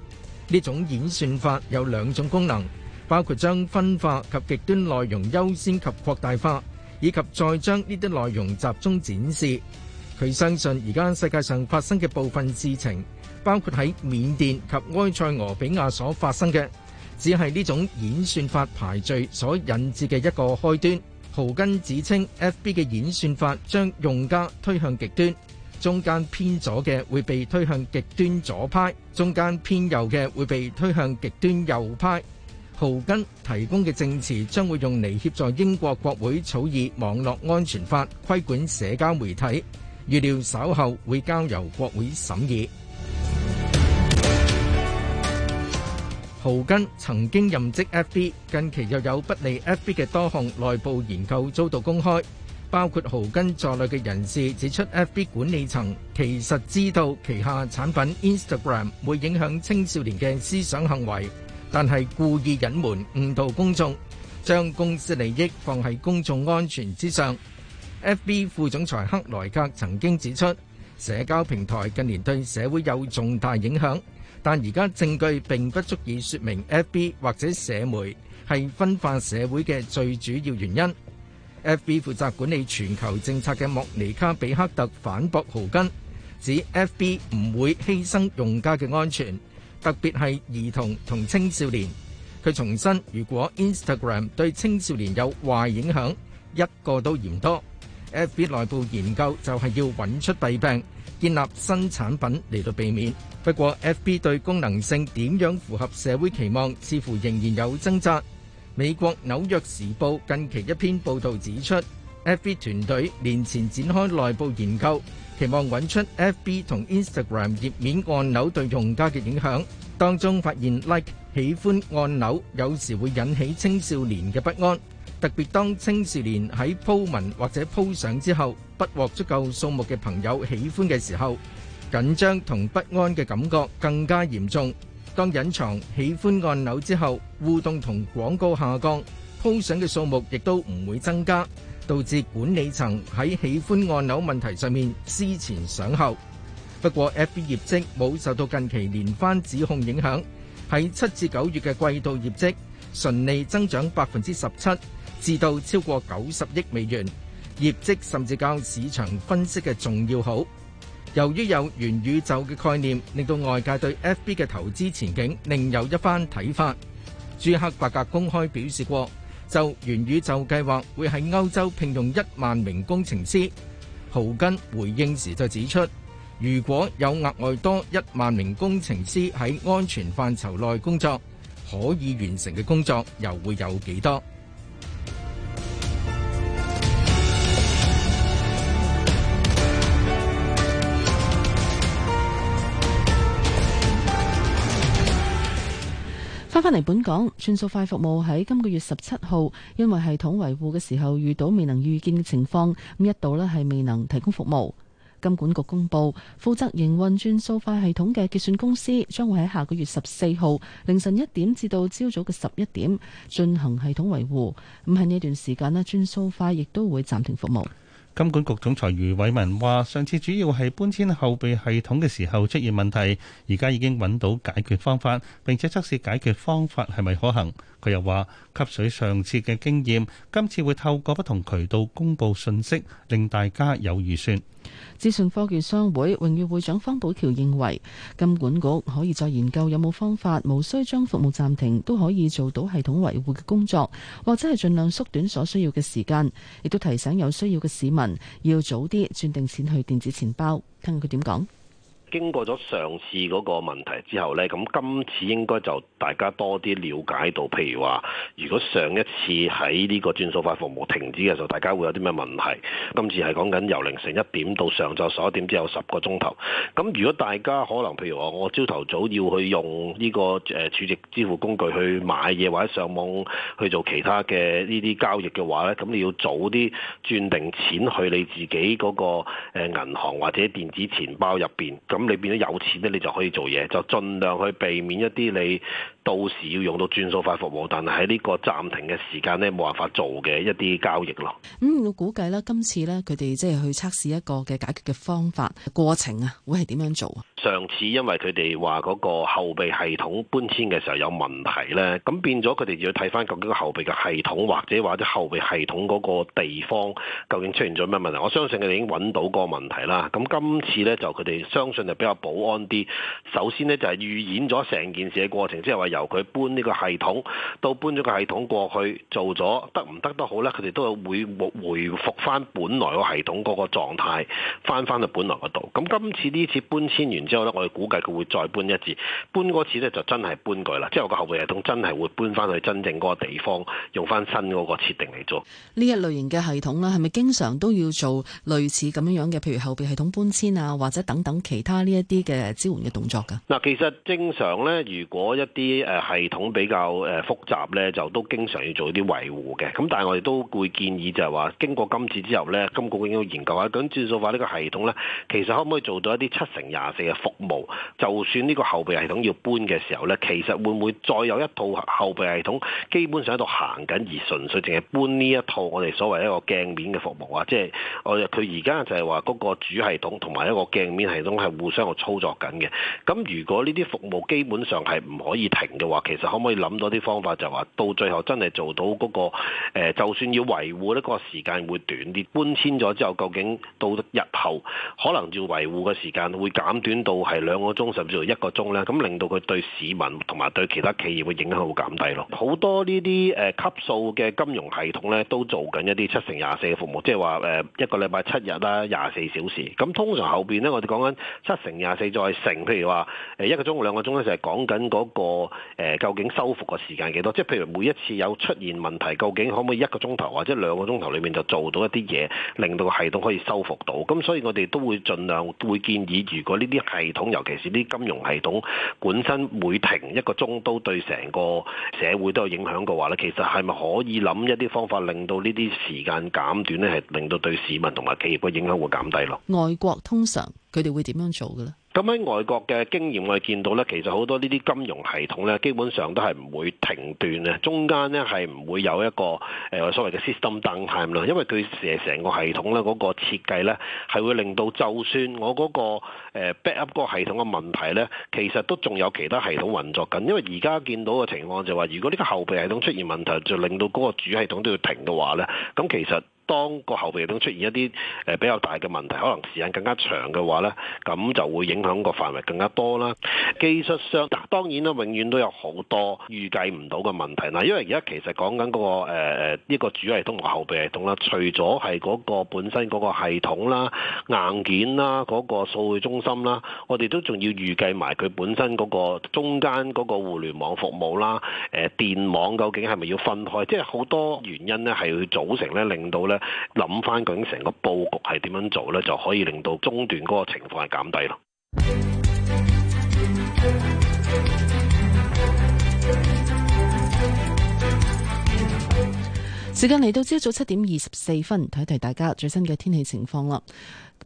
呢種演算法有兩種功能，包括將分化及極端內容優先及擴大化，以及再將呢啲內容集中展示。佢相信而家世界上發生嘅部分事情，包括喺緬甸及埃塞俄比亞所發生嘅，只係呢種演算法排序所引致嘅一個開端。豪根指稱 FB 嘅演算法將用家推向極端，中間偏左嘅會被推向極端左派，中間偏右嘅會被推向極端右派。豪根提供嘅證詞將會用嚟協助英國國會草擬網絡安全法規管社交媒體。，預料稍後會交由國會審議。豪根曾經任職 FB，FB 副總裁克萊格曾經指出，社交平台近年對社會有重大影響，但而家證據並不足以説明 FB 或者社媒係分化社會嘅最主要原因。FB 負責管理全球政策嘅莫尼卡比克特反駁豪根，指 FB 唔會犧牲用家嘅安全，特別係兒童同青少年。佢重申，如果 Instagram 對青少年有壞影響，一個都嫌多。FB 內部研究就係要揾出弊病，建立新產品嚟到避免。不過特別當青少年喺鋪文或者鋪相之後，不獲足夠數目嘅朋友喜歡嘅時候，緊張同不安嘅感覺更加嚴重。當隱藏喜歡按鈕之後，互動同廣告下降，鋪相嘅數目亦都唔會增加，導致管理層喺喜歡按鈕問題上面思前想後。不過，FB 業績冇受到近期連番指控影響，喺七至九月嘅季度業績順利增長百分之十七。至到超過九十億美元，業績甚至較市場分析嘅仲要好。由於有元宇宙嘅概念，令到外界對 FB 嘅投資前景另有一番睇法。朱克伯格公開表示過，就元宇宙計劃會喺歐洲聘用一萬名工程師。豪根回應時就指出，如果有額外多一萬名工程師喺安全範疇內工作，可以完成嘅工作又會有幾多？翻返嚟本港，轉數快服務喺今個月十七號，因為系統維護嘅時候遇到未能預見嘅情況，咁一度咧係未能提供服務。金管局公布，負責營運轉數快系統嘅結算公司，將會喺下個月十四號凌晨一點至到朝早嘅十一點進行系統維護，咁喺呢段時間咧，轉數快亦都會暫停服務。金管局總裁余偉文話：上次主要係搬遷後備系統嘅時候出現問題，而家已經揾到解決方法，並且測試解決方法係咪可行。佢又話：吸取上次嘅經驗，今次會透過不同渠道公布信息，令大家有預算。資訊科技商會榮譽會長方保僑認為，金管局可以再研究有冇方法，無需將服務暫停都可以做到系統維護嘅工作，或者係盡量縮短所需要嘅時間。亦都提醒有需要嘅市民要早啲轉定錢去電子錢包。聽佢點講？經過咗上次嗰個問題之後呢，咁今次應該就大家多啲了解到，譬如話，如果上一次喺呢個轉數快服務停止嘅時候，大家會有啲咩問題？今次係講緊由凌晨一點到上晝十一點之後，只有十個鐘頭。咁如果大家可能譬如話，我朝頭早要去用呢個誒儲值支付工具去買嘢或者上網去做其他嘅呢啲交易嘅話咧，咁你要早啲轉定錢去你自己嗰個誒銀行或者電子錢包入邊咁。你變得有錢咧，你就可以做嘢，就盡量去避免一啲你。到時要用到轉數快服務，但係喺呢個暫停嘅時間咧，冇辦法做嘅一啲交易咯。咁、嗯、我估計咧，今次咧佢哋即係去測試一個嘅解決嘅方法過程啊，會係點樣做啊？上次因為佢哋話嗰個後備系統搬遷嘅時候有問題咧，咁變咗佢哋要睇返究竟個後備嘅系統，或者或者後備系統嗰個地方究竟出現咗咩問題？我相信佢哋已經揾到個問題啦。咁今次咧就佢哋相信就比較保安啲。首先咧就係、是、預演咗成件事嘅過程，即係話。由佢搬呢個系統，到搬咗個系統過去，做咗得唔得都好咧，佢哋都會回復翻本來個系統嗰個狀態，翻翻去本來嗰度。咁今次呢次搬遷完之後咧，我哋估計佢會再搬一次，搬嗰次咧就真係搬過啦。之後個後備系統真係會搬翻去真正嗰個地方，用翻新嗰個設定嚟做。呢一類型嘅系統咧，係咪經常都要做類似咁樣樣嘅，譬如後備系統搬遷啊，或者等等其他呢一啲嘅支援嘅動作噶？嗱，其實正常咧，如果一啲誒系統比較誒複雜咧，就都經常要做啲維護嘅。咁但係我哋都會建議就係話，經過今次之後咧，金管局研究下究竟轉數化呢個系統咧，其實可唔可以做到一啲七乘廿四嘅服務？就算呢個後備系統要搬嘅時候咧，其實會唔會再有一套後備系統基本上喺度行緊，而純粹淨係搬呢一套我哋所謂一個鏡面嘅服務啊？即係我佢而家就係話嗰個主系統同埋一個鏡面系統係互相去操作緊嘅。咁如果呢啲服務基本上係唔可以停嘅話，其實可唔可以諗到啲方法，就話到最後真係做到嗰個誒，就算要維護呢個時間會短啲。搬遷咗之後，究竟到日後可能要維護嘅時間會減短到係兩個鐘，甚至乎一個鐘呢？咁令到佢對市民同埋對其他企業嘅影響會減低咯。好多呢啲誒級數嘅金融系統呢，都做緊一啲七乘廿四嘅服務，即係話誒一個禮拜七日啦，廿四小時。咁通常後邊呢，我哋講緊七乘廿四再乘，譬如話誒一個鐘兩個鐘呢，就係講緊嗰個。究竟修復嘅時間幾多？即係譬如每一次有出現問題，究竟可唔可以一個鐘頭或者兩個鐘頭裏面就做到一啲嘢，令到個系統可以修復到？咁所以我哋都會盡量會建議，如果呢啲系統，尤其是啲金融系統本身每停一個鐘都對成個社會都有影響嘅話呢，其實係咪可以諗一啲方法令到呢啲時間減短呢？係令到對市民同埋企業嘅影響會減低咯。外國通常。佢哋會點樣做嘅咧？咁喺外國嘅經驗，我哋見到咧，其實好多呢啲金融系統咧，基本上都係唔會停斷嘅。中間咧係唔會有一個誒所謂嘅 system downtime，因為佢成成個系統咧嗰個設計咧係會令到，就算我嗰個誒 backup 個系統嘅問題咧，其實都仲有其他系統運作緊。因為而家見到嘅情況就話係，如果呢個後備系統出現問題，就令到嗰個主系統都要停嘅話咧，咁其實。當個後備系統出現一啲誒比較大嘅問題，可能時間更加長嘅話咧，咁就會影響個範圍更加多啦。技術上當然啦，永遠都有好多預計唔到嘅問題嗱。因為而家其實講緊嗰個誒呢個主系統同後備系統啦，除咗係嗰個本身嗰個系統啦、硬件啦、嗰個數據中心啦，我哋都仲要預計埋佢本身嗰個中間嗰個互聯網服務啦、誒、呃、電網究竟係咪要分開，即係好多原因咧係去組成咧，令到咧。諗翻究竟成個布局係點樣做呢？就可以令到中段嗰個情況係減低咯。時間嚟到朝早七點二十四分，睇睇大家最新嘅天氣情況啦。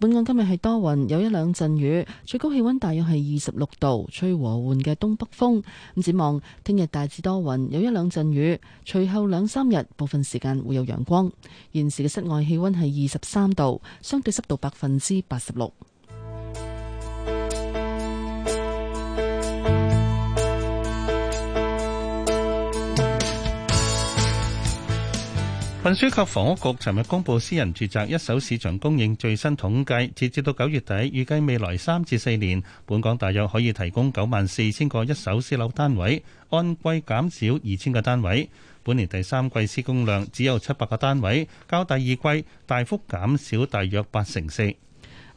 本港今日係多雲，有一兩陣雨，最高氣溫大約係二十六度，吹和緩嘅東北風。咁展望聽日大致多雲，有一兩陣雨，隨後兩三日部分時間會有陽光。現時嘅室外氣溫係二十三度，相對濕度百分之八十六。運輸及房屋局尋日公布私人住宅一手市場供應最新統計，截至到九月底，預計未來三至四年，本港大約可以提供九萬四千個一手私樓單位，按季減少二千個單位。本年第三季施工量只有七百個單位，較第二季大幅減少大約八成四。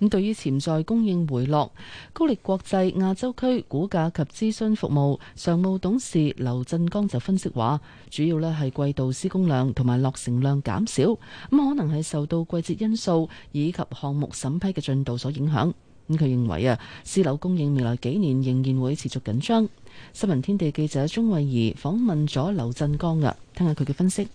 咁對於潛在供應回落，高力國際亞洲區估價及諮詢服務常務董事劉振江就分析話：主要咧係季度施工量同埋落成量減少，咁可能係受到季節因素以及項目審批嘅進度所影響。咁佢認為啊，私樓供應未來幾年仍然會持續緊張。新聞天地記者鍾慧儀訪問咗劉振江啊，聽下佢嘅分析。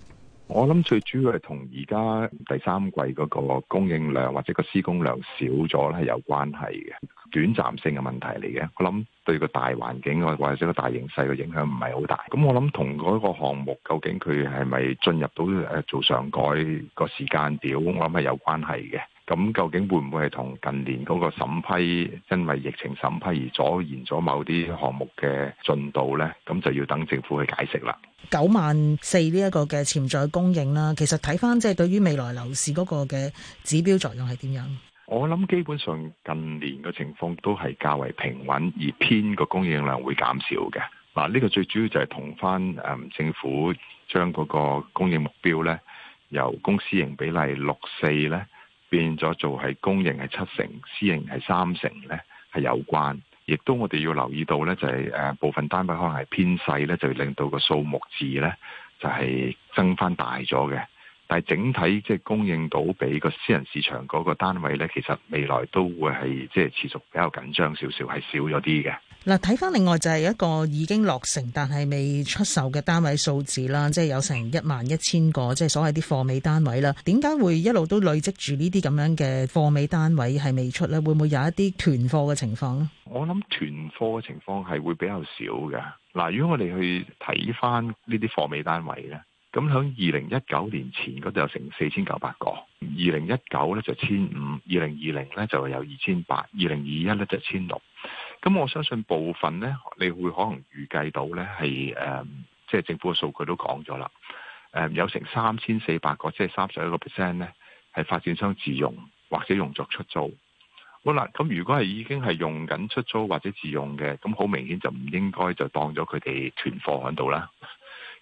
我諗最主要係同而家第三季嗰個供應量或者個施工量少咗咧，係有關係嘅，短暫性嘅問題嚟嘅。我諗對個大環境或者個大形勢嘅影響唔係好大。咁我諗同嗰個項目究竟佢係咪進入到誒做上蓋個時間表，我諗係有關係嘅。咁究竟會唔會係同近年嗰個審批，因為疫情審批而阻延咗某啲項目嘅進度咧？咁就要等政府去解釋啦。九萬四呢一個嘅潛在供應啦，其實睇翻即係對於未來樓市嗰個嘅指標作用係點樣？我諗基本上近年嘅情況都係較為平穩，而偏個供應量會減少嘅。嗱，呢個最主要就係同翻誒政府將嗰個供應目標咧，由公私營比例六四咧。變咗做係公營係七成，私營係三成咧，係有關。亦都我哋要留意到咧，就係、是、誒、呃、部分單位可能係偏細咧，就令到個數目字咧就係、是、增翻大咗嘅。但係整體即係供應到俾個私人市場嗰個單位咧，其實未來都會係即係持續比較緊張少少，係少咗啲嘅。嗱，睇翻另外就係一個已經落成但係未出售嘅單位數字啦，即係有成一萬一千個，即係所謂啲貨尾單位啦。點解會一路都累積住呢啲咁樣嘅貨尾單位係未出呢？會唔會有一啲囤貨嘅情況呢？我諗囤貨嘅情況係會比較少嘅。嗱，如果我哋去睇翻呢啲貨尾單位呢，咁喺二零一九年前嗰度有成四千九百個，二零一九呢就千五，二零二零呢就有二千八，二零二一呢就千六。咁我相信部分呢，你會可能預計到呢，係誒，即係、呃就是、政府嘅數據都講咗啦。誒、呃，有成三千四百個，即係三十一個 percent 呢係發展商自用或者用作出租。好啦，咁如果係已經係用緊出租或者自用嘅，咁好明顯就唔應該就當咗佢哋囤貨喺度啦。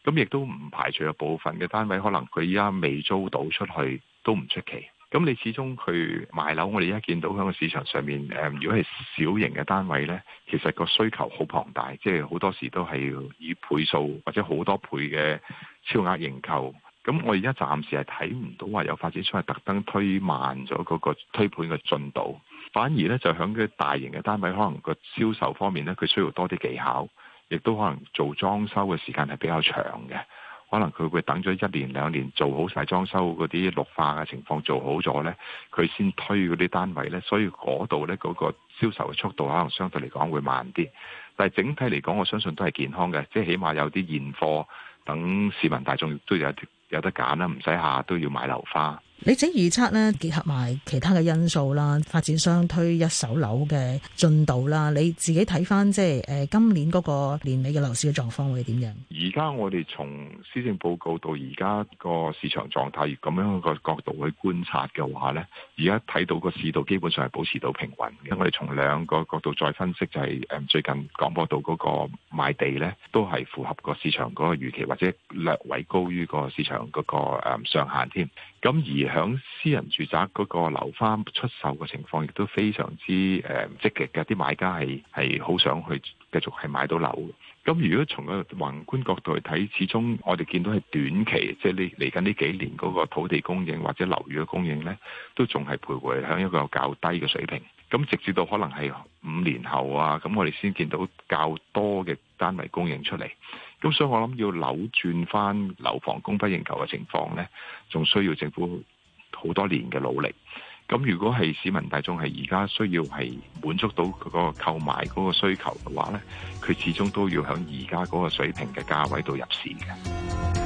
咁 亦都唔排除有部分嘅單位，可能佢依家未租到出去都唔出奇。咁你始終去賣樓，我哋而家見到喺個市場上面，誒，如果係小型嘅單位呢，其實個需求好龐大，即係好多時都係以倍數或者好多倍嘅超額認購。咁我而家暫時係睇唔到話有發展商係特登推慢咗嗰個推盤嘅進度，反而呢就喺佢大型嘅單位，可能個銷售方面呢，佢需要多啲技巧，亦都可能做裝修嘅時間係比較長嘅。可能佢會等咗一年兩年做好晒裝修嗰啲綠化嘅情況做好咗呢，佢先推嗰啲單位呢。所以嗰度呢，嗰個銷售嘅速度可能相對嚟講會慢啲，但係整體嚟講我相信都係健康嘅，即係起碼有啲現貨等市民大衆都有，有得有得揀啦，唔使下都要買樓花。你整預測咧，結合埋其他嘅因素啦，發展商推一手樓嘅進度啦，你自己睇翻即係誒今年嗰個年尾嘅樓市嘅狀況會點樣。而家我哋從施政報告到而家個市場狀態咁樣個角度去觀察嘅話咧，而家睇到個市道基本上係保持到平穩嘅。我哋從兩個角度再分析，就係誒最近廣播道嗰個賣地咧，都係符合個市場嗰個預期，或者略為高於個市場嗰個誒上限添。咁而響私人住宅嗰個樓花出售嘅情況亦都非常之誒積極嘅。啲買家係係好想去繼續係買到樓。咁如果從個宏觀角度嚟睇，始終我哋見到係短期，即係呢嚟緊呢幾年嗰個土地供應或者樓宇嘅供應咧，都仲係徘徊響一個較低嘅水平。咁直至到可能係五年後啊，咁我哋先見到較多嘅單位供應出嚟。咁所以我諗要扭轉翻樓房供不應求嘅情況咧，仲需要政府好多年嘅努力，咁如果係市民大眾係而家需要係滿足到佢嗰個購買嗰個需求嘅話咧，佢始終都要響而家嗰個水平嘅價位度入市嘅。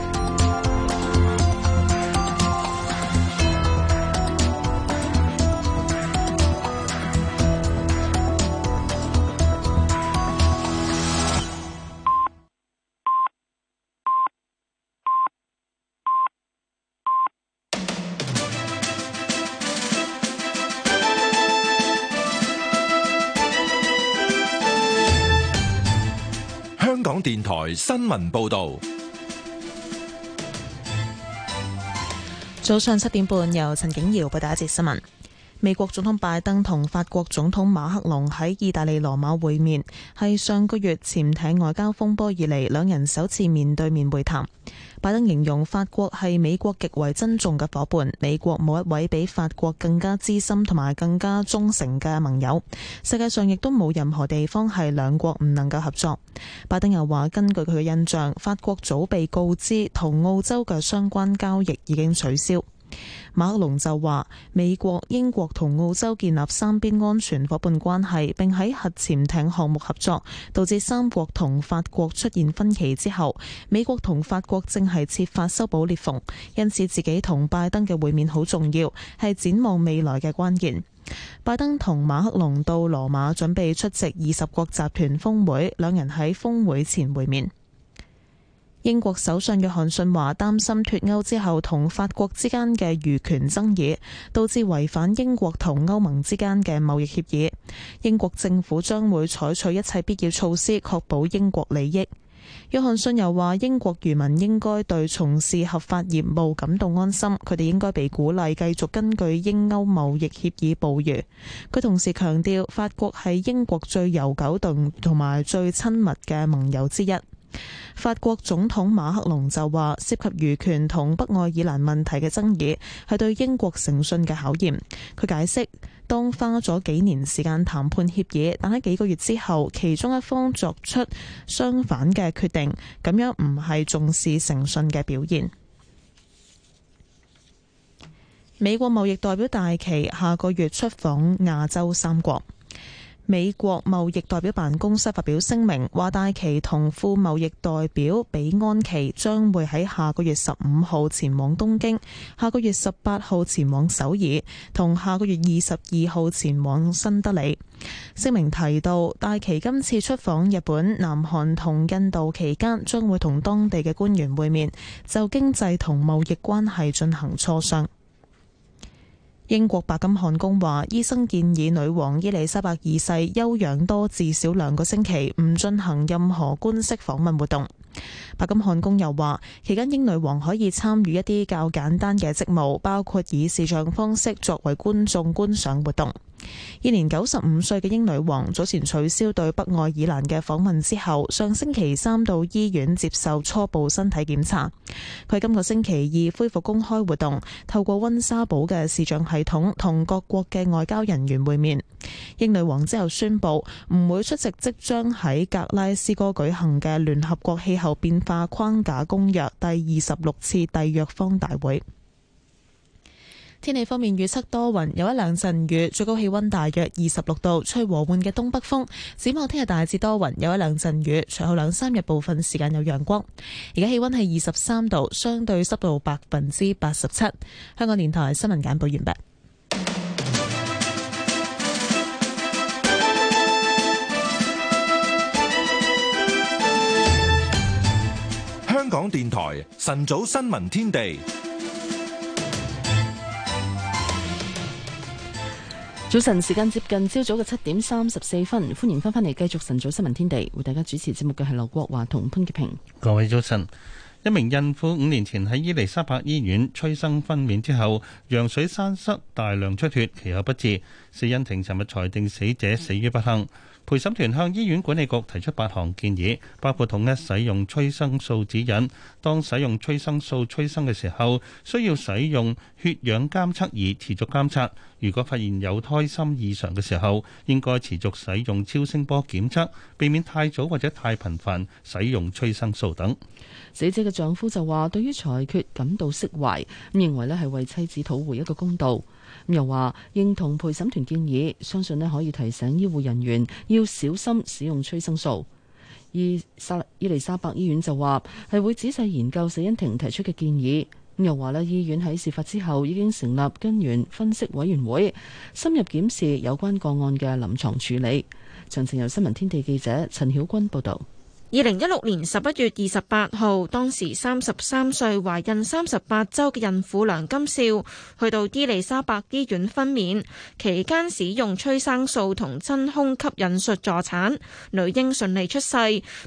電台新聞報道：早上七點半，由陳景瑤報道一節新聞。美國總統拜登同法國總統馬克龍喺意大利羅馬會面，係上個月潛艇外交風波以嚟，兩人首次面對面會談。拜登形容法國係美國極為珍重嘅伙伴，美國冇一位比法國更加知心同埋更加忠誠嘅盟友。世界上亦都冇任何地方係兩國唔能夠合作。拜登又話根據佢嘅印象，法國早被告知同澳洲嘅相關交易已經取消。馬克龍就話，美國、英國同澳洲建立三邊安全伙伴關係，並喺核潛艇項目合作，導致三國同法國出現分歧之後，美國同法國正係設法修補裂縫，因此自己同拜登嘅會面好重要，係展望未來嘅關鍵。拜登同馬克龍到羅馬準備出席二十國集團峰會，兩人喺峰會前會面。英國首相約翰遜話，擔心脫歐之後同法國之間嘅漁權爭議，導致違反英國同歐盟之間嘅貿易協議。英國政府將會採取一切必要措施，確保英國利益。約翰遜又話，英國漁民應該對從事合法業務感到安心，佢哋應該被鼓勵繼續根據英歐貿易協議捕魚。佢同時強調，法國係英國最悠久同埋最親密嘅盟友之一。法國總統馬克龍就話，涉及漁權同北愛爾蘭問題嘅爭議，係對英國誠信嘅考驗。佢解釋，當花咗幾年時間談判協議，但喺幾個月之後，其中一方作出相反嘅決定，咁樣唔係重視誠信嘅表現。美國貿易代表戴琪下個月出訪亞洲三國。美國貿易代表辦公室發表聲明，話戴琪同副貿易代表比安奇將會喺下個月十五號前往東京，下個月十八號前往首爾，同下個月二十二號前往新德里。聲明提到，戴琪今次出訪日本、南韓同印度期間，將會同當地嘅官員會面，就經濟同貿易關係進行磋商。英國白金漢宮話，醫生建議女王伊利沙伯二世休養多至少兩個星期，唔進行任何官式訪問活動。白金漢宮又話，期間英女王可以參與一啲較簡單嘅職務，包括以視像方式作為觀眾觀賞活動。現年九十五歲嘅英女王早前取消對北愛爾蘭嘅訪問之後，上星期三到醫院接受初步身體檢查。佢今個星期二恢復公開活動，透過溫莎堡嘅視像系統同各國嘅外交人員會面。英女王之後宣布唔會出席即將喺格拉斯哥舉行嘅聯合國氣候變化框架公約第二十六次締約方大會。天氣方面預測多雲，有一兩陣雨，最高氣溫大約二十六度，吹和緩嘅東北風。展望聽日大致多雲，有一兩陣雨，隨後兩三日部分時間有陽光。而家氣溫係二十三度，相對濕度百分之八十七。香港電台新聞簡報完畢。香港電台晨早新聞天地。早晨，時間接近朝早嘅七點三十四分，歡迎翻返嚟繼續晨早新聞天地，為大家主持節目嘅係劉國華同潘潔平。各位早晨，一名孕婦五年前喺伊利沙伯醫院催生分娩之後，羊水栓塞大量出血，其後不治，死因庭尋日裁定死者死於不幸。陪審團向醫院管理局提出八項建議，包括統一使用催生素指引；當使用催生素催生嘅時候，需要使用血氧監測儀持續監測；如果發現有胎心異常嘅時候，應該持續使用超聲波檢測，避免太早或者太頻繁使用催生素等。死者嘅丈夫就話：對於裁決感到釋懷，咁認為呢係為妻子討回一個公道。又話認同陪審團建議，相信呢可以提醒醫護人員要小心使用催生素。伊利沙伯醫院就話係會仔細研究死因庭提出嘅建議。又話呢，醫院喺事發之後已經成立根源分析委員會，深入檢視有關個案嘅臨床處理。詳情由新聞天地記者陳曉君報道。二零一六年十一月二十八號，當時三十三歲懷孕三十八週嘅孕婦梁金少去到伊利沙伯醫院分娩，期間使用催生素同真空吸引術助產，女嬰順利出世。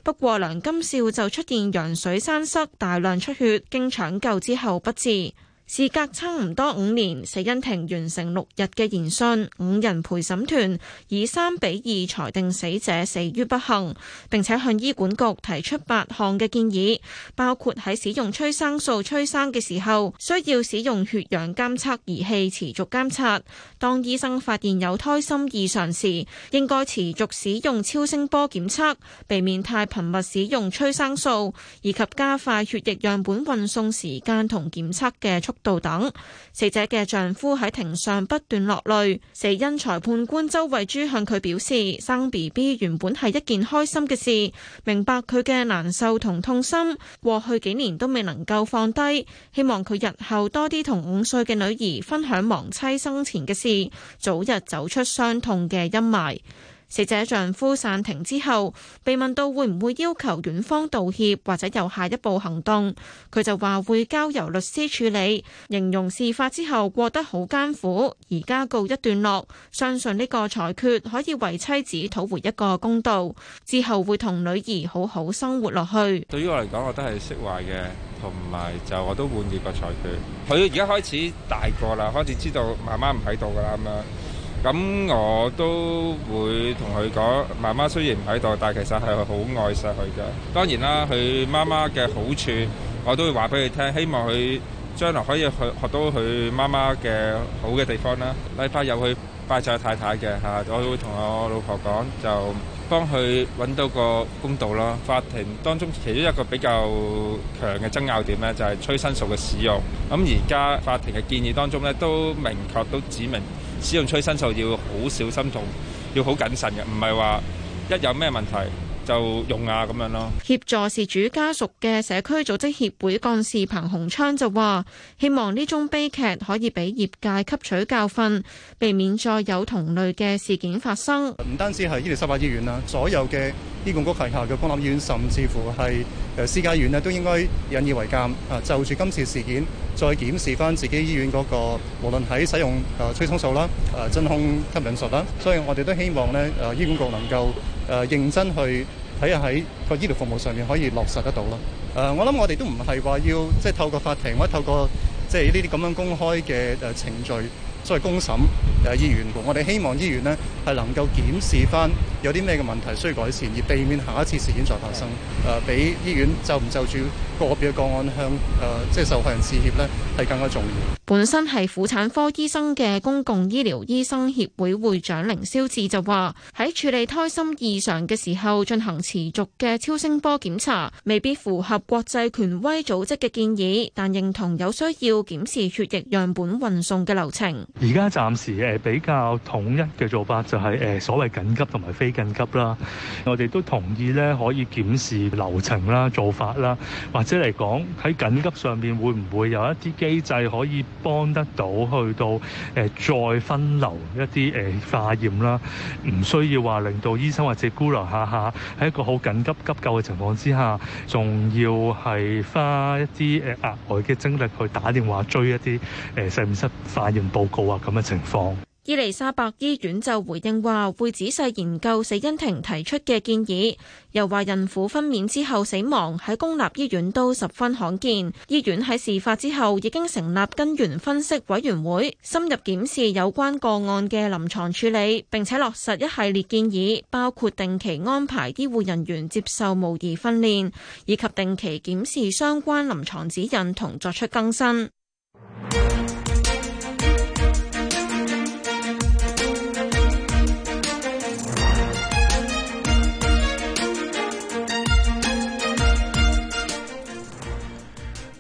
不過梁金少就出現羊水栓塞、大量出血，經搶救之後不治。事隔差唔多五年，死因庭完成六日嘅研訊，五人陪審團以三比二裁定死者死於不幸，並且向醫管局提出八項嘅建議，包括喺使用催生素催生嘅時候需要使用血氧監測儀器持續監測；當醫生發現有胎心異常時，應該持續使用超聲波檢測，避免太頻密使用催生素，以及加快血液樣本運送時間同檢測嘅速。道等，死者嘅丈夫喺庭上不斷落淚。死因裁判官周慧珠向佢表示，生 BB 原本係一件開心嘅事，明白佢嘅難受同痛心，過去幾年都未能夠放低。希望佢日後多啲同五歲嘅女兒分享亡妻生前嘅事，早日走出傷痛嘅陰霾。死者丈夫散庭之後，被問到會唔會要求院方道歉或者有下一步行動，佢就話會交由律師處理，形容事發之後過得好艱苦，而家告一段落，相信呢個裁決可以為妻子討回一個公道，之後會同女兒好好生活落去。對於我嚟講，我都係釋懷嘅，同埋就我都滿意個裁決。佢而家開始大個啦，開始知道媽媽唔喺度㗎啦咁樣。咁我都會同佢講，媽媽雖然唔喺度，但係其實係好愛錫佢嘅。當然啦，佢媽媽嘅好處我都會話俾佢聽，希望佢將來可以去學到佢媽媽嘅好嘅地方啦。禮拜有去拜祭太太嘅嚇，我都會同我老婆講就。幫佢揾到個公道咯。法庭當中其中一個比較強嘅爭拗點呢，就係催生素嘅使用。咁而家法庭嘅建議當中呢，都明確都指明使用催生素要好小心同要好謹慎嘅，唔係話一有咩問題。就用啊咁樣咯。協助事主家屬嘅社區組織協會幹事彭洪昌就話：希望呢種悲劇可以俾業界吸取教訓，避免再有同類嘅事件發生。唔單止係伊利沙伯醫院啦，所有嘅醫管局旗下嘅公立醫院，甚至乎係誒私家醫院呢都應該引以為戒啊！就住今次事件，再檢視翻自己醫院嗰個，無論喺使用誒催生素啦、誒真空吸引術啦，所以我哋都希望呢誒醫管局能夠。誒、呃、認真去睇下喺個醫療服務上面可以落實得到咯。誒、呃，我諗我哋都唔係話要即係透過法庭或者透過即係呢啲咁樣公開嘅誒、呃、程序作為公審。誒醫院我哋希望醫院呢係能夠檢視翻有啲咩嘅問題需要改善，而避免下一次事件再發生。誒、呃，俾醫院就唔就住個別個案向誒、呃、即係受害人致歉呢，係更加重要。本身係婦產科醫生嘅公共醫療醫生協會會長凌霄智就話：喺處理胎心異常嘅時候進行持續嘅超聲波檢查，未必符合國際權威組織嘅建議，但認同有需要檢視血液樣本運送嘅流程。而家暫時誒比較統一嘅做法就係誒所謂緊急同埋非緊急啦。我哋都同意咧可以檢視流程啦、做法啦，或者嚟講喺緊急上面會唔會有一啲？機制可以幫得到去到誒、呃、再分流一啲誒、呃、化驗啦，唔需要話令到醫生或者姑娘下下喺一個好緊急急救嘅情況之下，仲要係花一啲誒、呃、額外嘅精力去打電話追一啲誒實驗室化驗報告啊咁嘅情況。伊利沙伯醫院就回應話，會仔細研究死因庭提出嘅建議，又話孕婦分娩之後死亡喺公立醫院都十分罕見。醫院喺事發之後已經成立根源分析委員會，深入檢視有關個案嘅臨床處理，並且落實一系列建議，包括定期安排醫護人員接受模擬訓練，以及定期檢視相關臨床指引同作出更新。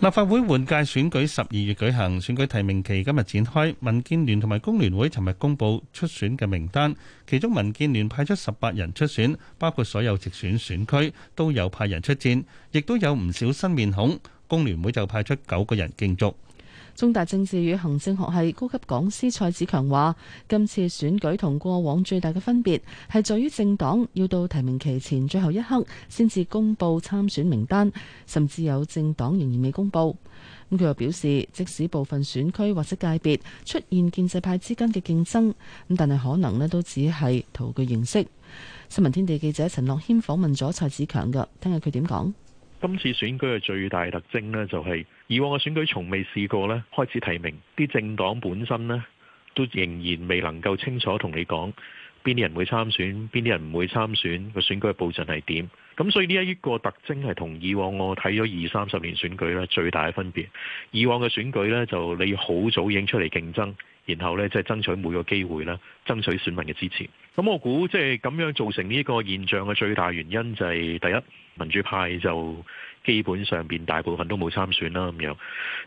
立法會換屆選舉十二月舉行，選舉提名期今日展開。民建聯同埋工聯會尋日公布出選嘅名單，其中民建聯派出十八人出選，包括所有直選選區都有派人出戰，亦都有唔少新面孔。工聯會就派出九個人競逐。中大政治與行政學系高級講師蔡子強話：今次選舉同過往最大嘅分別係在於政黨要到提名期前最後一刻先至公佈參選名單，甚至有政黨仍然未公佈。咁佢又表示，即使部分選區或者界別出現建制派之間嘅競爭，咁但係可能咧都只係徒具形式。新聞天地記者陳樂軒訪問咗蔡子強嘅，聽下佢點講？今次選舉嘅最大特徵呢、就是，就係以往嘅選舉從未試過咧，開始提名啲政黨本身呢，都仍然未能夠清楚同你講邊啲人會參選，邊啲人唔會參選，個選舉嘅佈陣係點。咁所以呢一個特徵係同以往我睇咗二三十年選舉咧最大嘅分別。以往嘅選舉呢，就你好早已經出嚟競爭。然後咧，即係爭取每個機會啦，爭取選民嘅支持。咁我估即係咁樣造成呢個現象嘅最大原因就係第一，民主派就基本上邊大部分都冇參選啦，咁樣，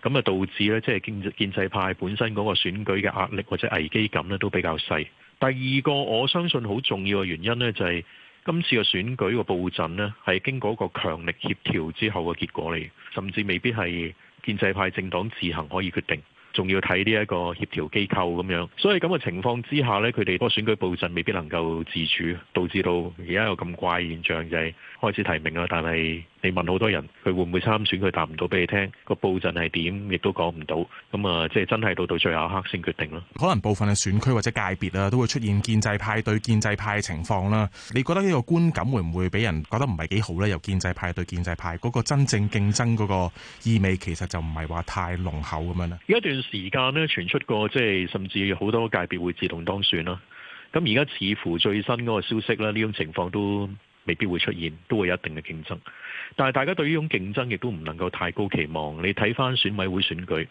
咁啊導致咧即係建建制派本身嗰個選舉嘅壓力或者危機感咧都比較細。第二個我相信好重要嘅原因咧就係今次嘅選舉個佈陣呢，係經過一個強力協調之後嘅結果嚟，甚至未必係建制派政黨自行可以決定。.仲要睇呢一個協調機構咁樣，所以咁嘅情況之下呢，佢哋個選舉佈陣未必能夠自主，導致到而家有咁怪現象就係，是，開始提名啦，但係。你問好多人，佢會唔會參選？佢答唔到俾你聽，個佈陣係點，亦都講唔到。咁啊，即係真係到到最後一刻先決定咯。可能部分嘅選區或者界別啊，都會出現建制派對建制派嘅情況啦。你覺得呢個觀感會唔會俾人覺得唔係幾好呢？由建制派對建制派嗰個真正競爭嗰個意味，其實就唔係話太濃厚咁樣。呢一段時間呢，傳出過即係甚至好多界別會自動當選啦。咁而家似乎最新嗰個消息咧，呢種情況都未必會出現，都會有一定嘅競爭。但係大家對於呢種競爭亦都唔能夠太高期望。你睇翻選委會選舉，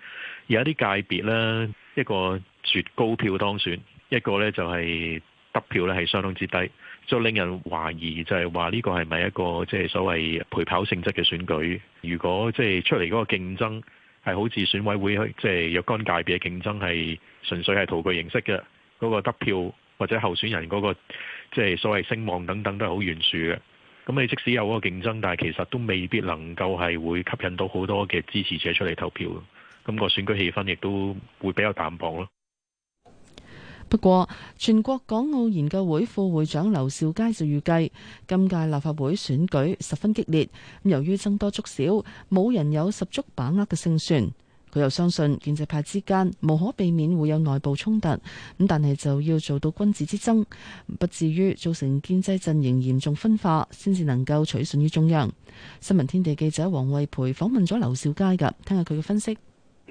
有一啲界別呢一個絕高票當選，一個呢就係得票呢係相當之低，就令人懷疑就係話呢個係咪一個即係所謂陪跑性質嘅選舉？如果即係出嚟嗰個競爭係好似選委會即係若干界別嘅競爭係純粹係徒具形式嘅，嗰個得票或者候選人嗰個即係所謂聲望等等都係好懸殊嘅。咁你即使有個競爭，但係其實都未必能夠係會吸引到好多嘅支持者出嚟投票咯。咁個選舉氣氛亦都會比較淡薄咯。不過，全國港澳研究會副會長劉兆佳就預計今屆立法會選舉十分激烈，由於僧多粥少，冇人有十足把握嘅勝算。佢又相信建制派之間無可避免會有內部衝突，咁但係就要做到君子之爭，不至於造成建制陣營嚴重分化，先至能夠取信於中央。新聞天地記者黃慧培訪問咗劉少佳噶，聽下佢嘅分析。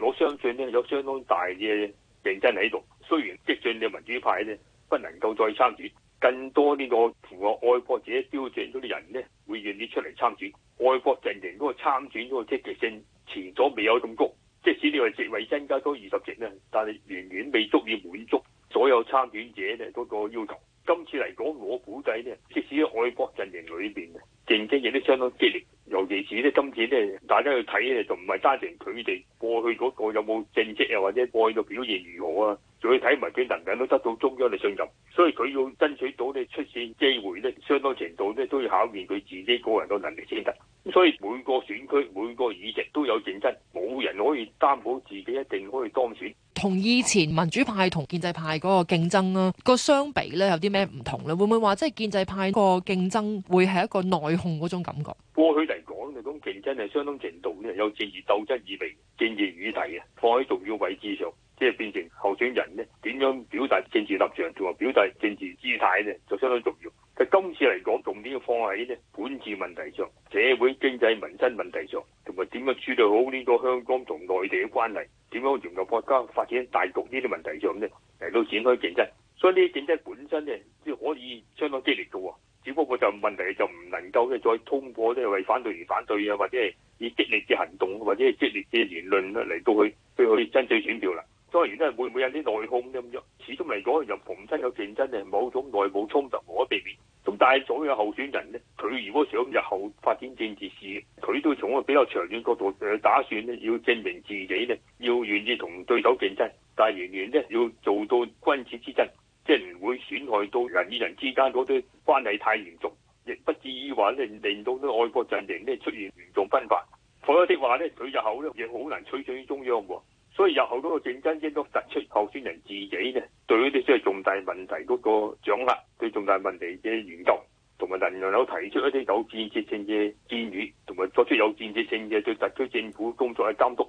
我相信呢有相當大嘅競爭喺度，雖然激進嘅民主派呢不能夠再參選，更多呢個符合愛國者標準嗰啲人呢會願意出嚟參選，愛國陣營嗰個參選嗰個積極性前所未有咁高。即使你話席位增加多二十席咧，但係遠遠未足以滿足所有參選者咧嗰個要求。今次嚟講，我估計咧，即使喺愛國陣營裏邊嘅競爭亦都相當激烈，尤其是咧今次咧，大家去睇咧，就唔係單純佢哋過去嗰個有冇政績，又或者過去嘅表現如何啊。佢睇埋佢能唔能都得到中央嘅信任，所以佢要爭取到嘅出線機會呢，相當程度呢都要考驗佢自己個人嘅能力先得。所以每個選區每個議席都有競爭，冇人可以擔保自己一定可以當選。同以前民主派同建制派嗰個競爭啦，個相比呢，有啲咩唔同呢？會唔會話即係建制派個競爭會係一個內訌嗰種感覺？過去嚟講，你講競爭係相當程度咧有政治鬥爭意味，政治議題啊，放喺重要位置上。即係變成候選人咧，點樣表達政治立場，同埋表達政治姿態咧，就相當重要。但今次嚟講，重點要放喺咧本質問題上、社會經濟民生問題上，同埋點樣處理好呢個香港同內地嘅關係，點樣融入國家發展大局呢啲問題上咧嚟到展開競爭。所以呢啲競爭本身咧，即可以相當激烈嘅。只不過就問題就唔能夠咧再通過即係為反對而反對啊，或者係以激烈嘅行動，或者係激烈嘅言論嚟到去去去爭取選票啦。當然咧，會唔會有啲內訌咁樣？始終嚟講，又逢親有競爭嘅，某種內部衝突無可避免。咁但係所有候選人咧，佢如果想日後發展政治事業，佢都從一個比較長遠角度誒、呃、打算咧，要證明自己咧，要願意同對手競爭。但係仍然咧，要做到君子之爭，即係唔會損害到人與人之間嗰啲關係太嚴重，亦不至於話咧令到啲愛國陣營咧出現嚴重分化。否則的話咧，佢日後咧亦好難取信於中央喎。所以有好多競爭應該突出候選人自己嘅，對呢啲即係重大問題嗰個掌握，對重大問題嘅研究，同埋能夠提出一啲有建設性嘅建議，同埋作出有建設性嘅對特區政府工作嘅監督。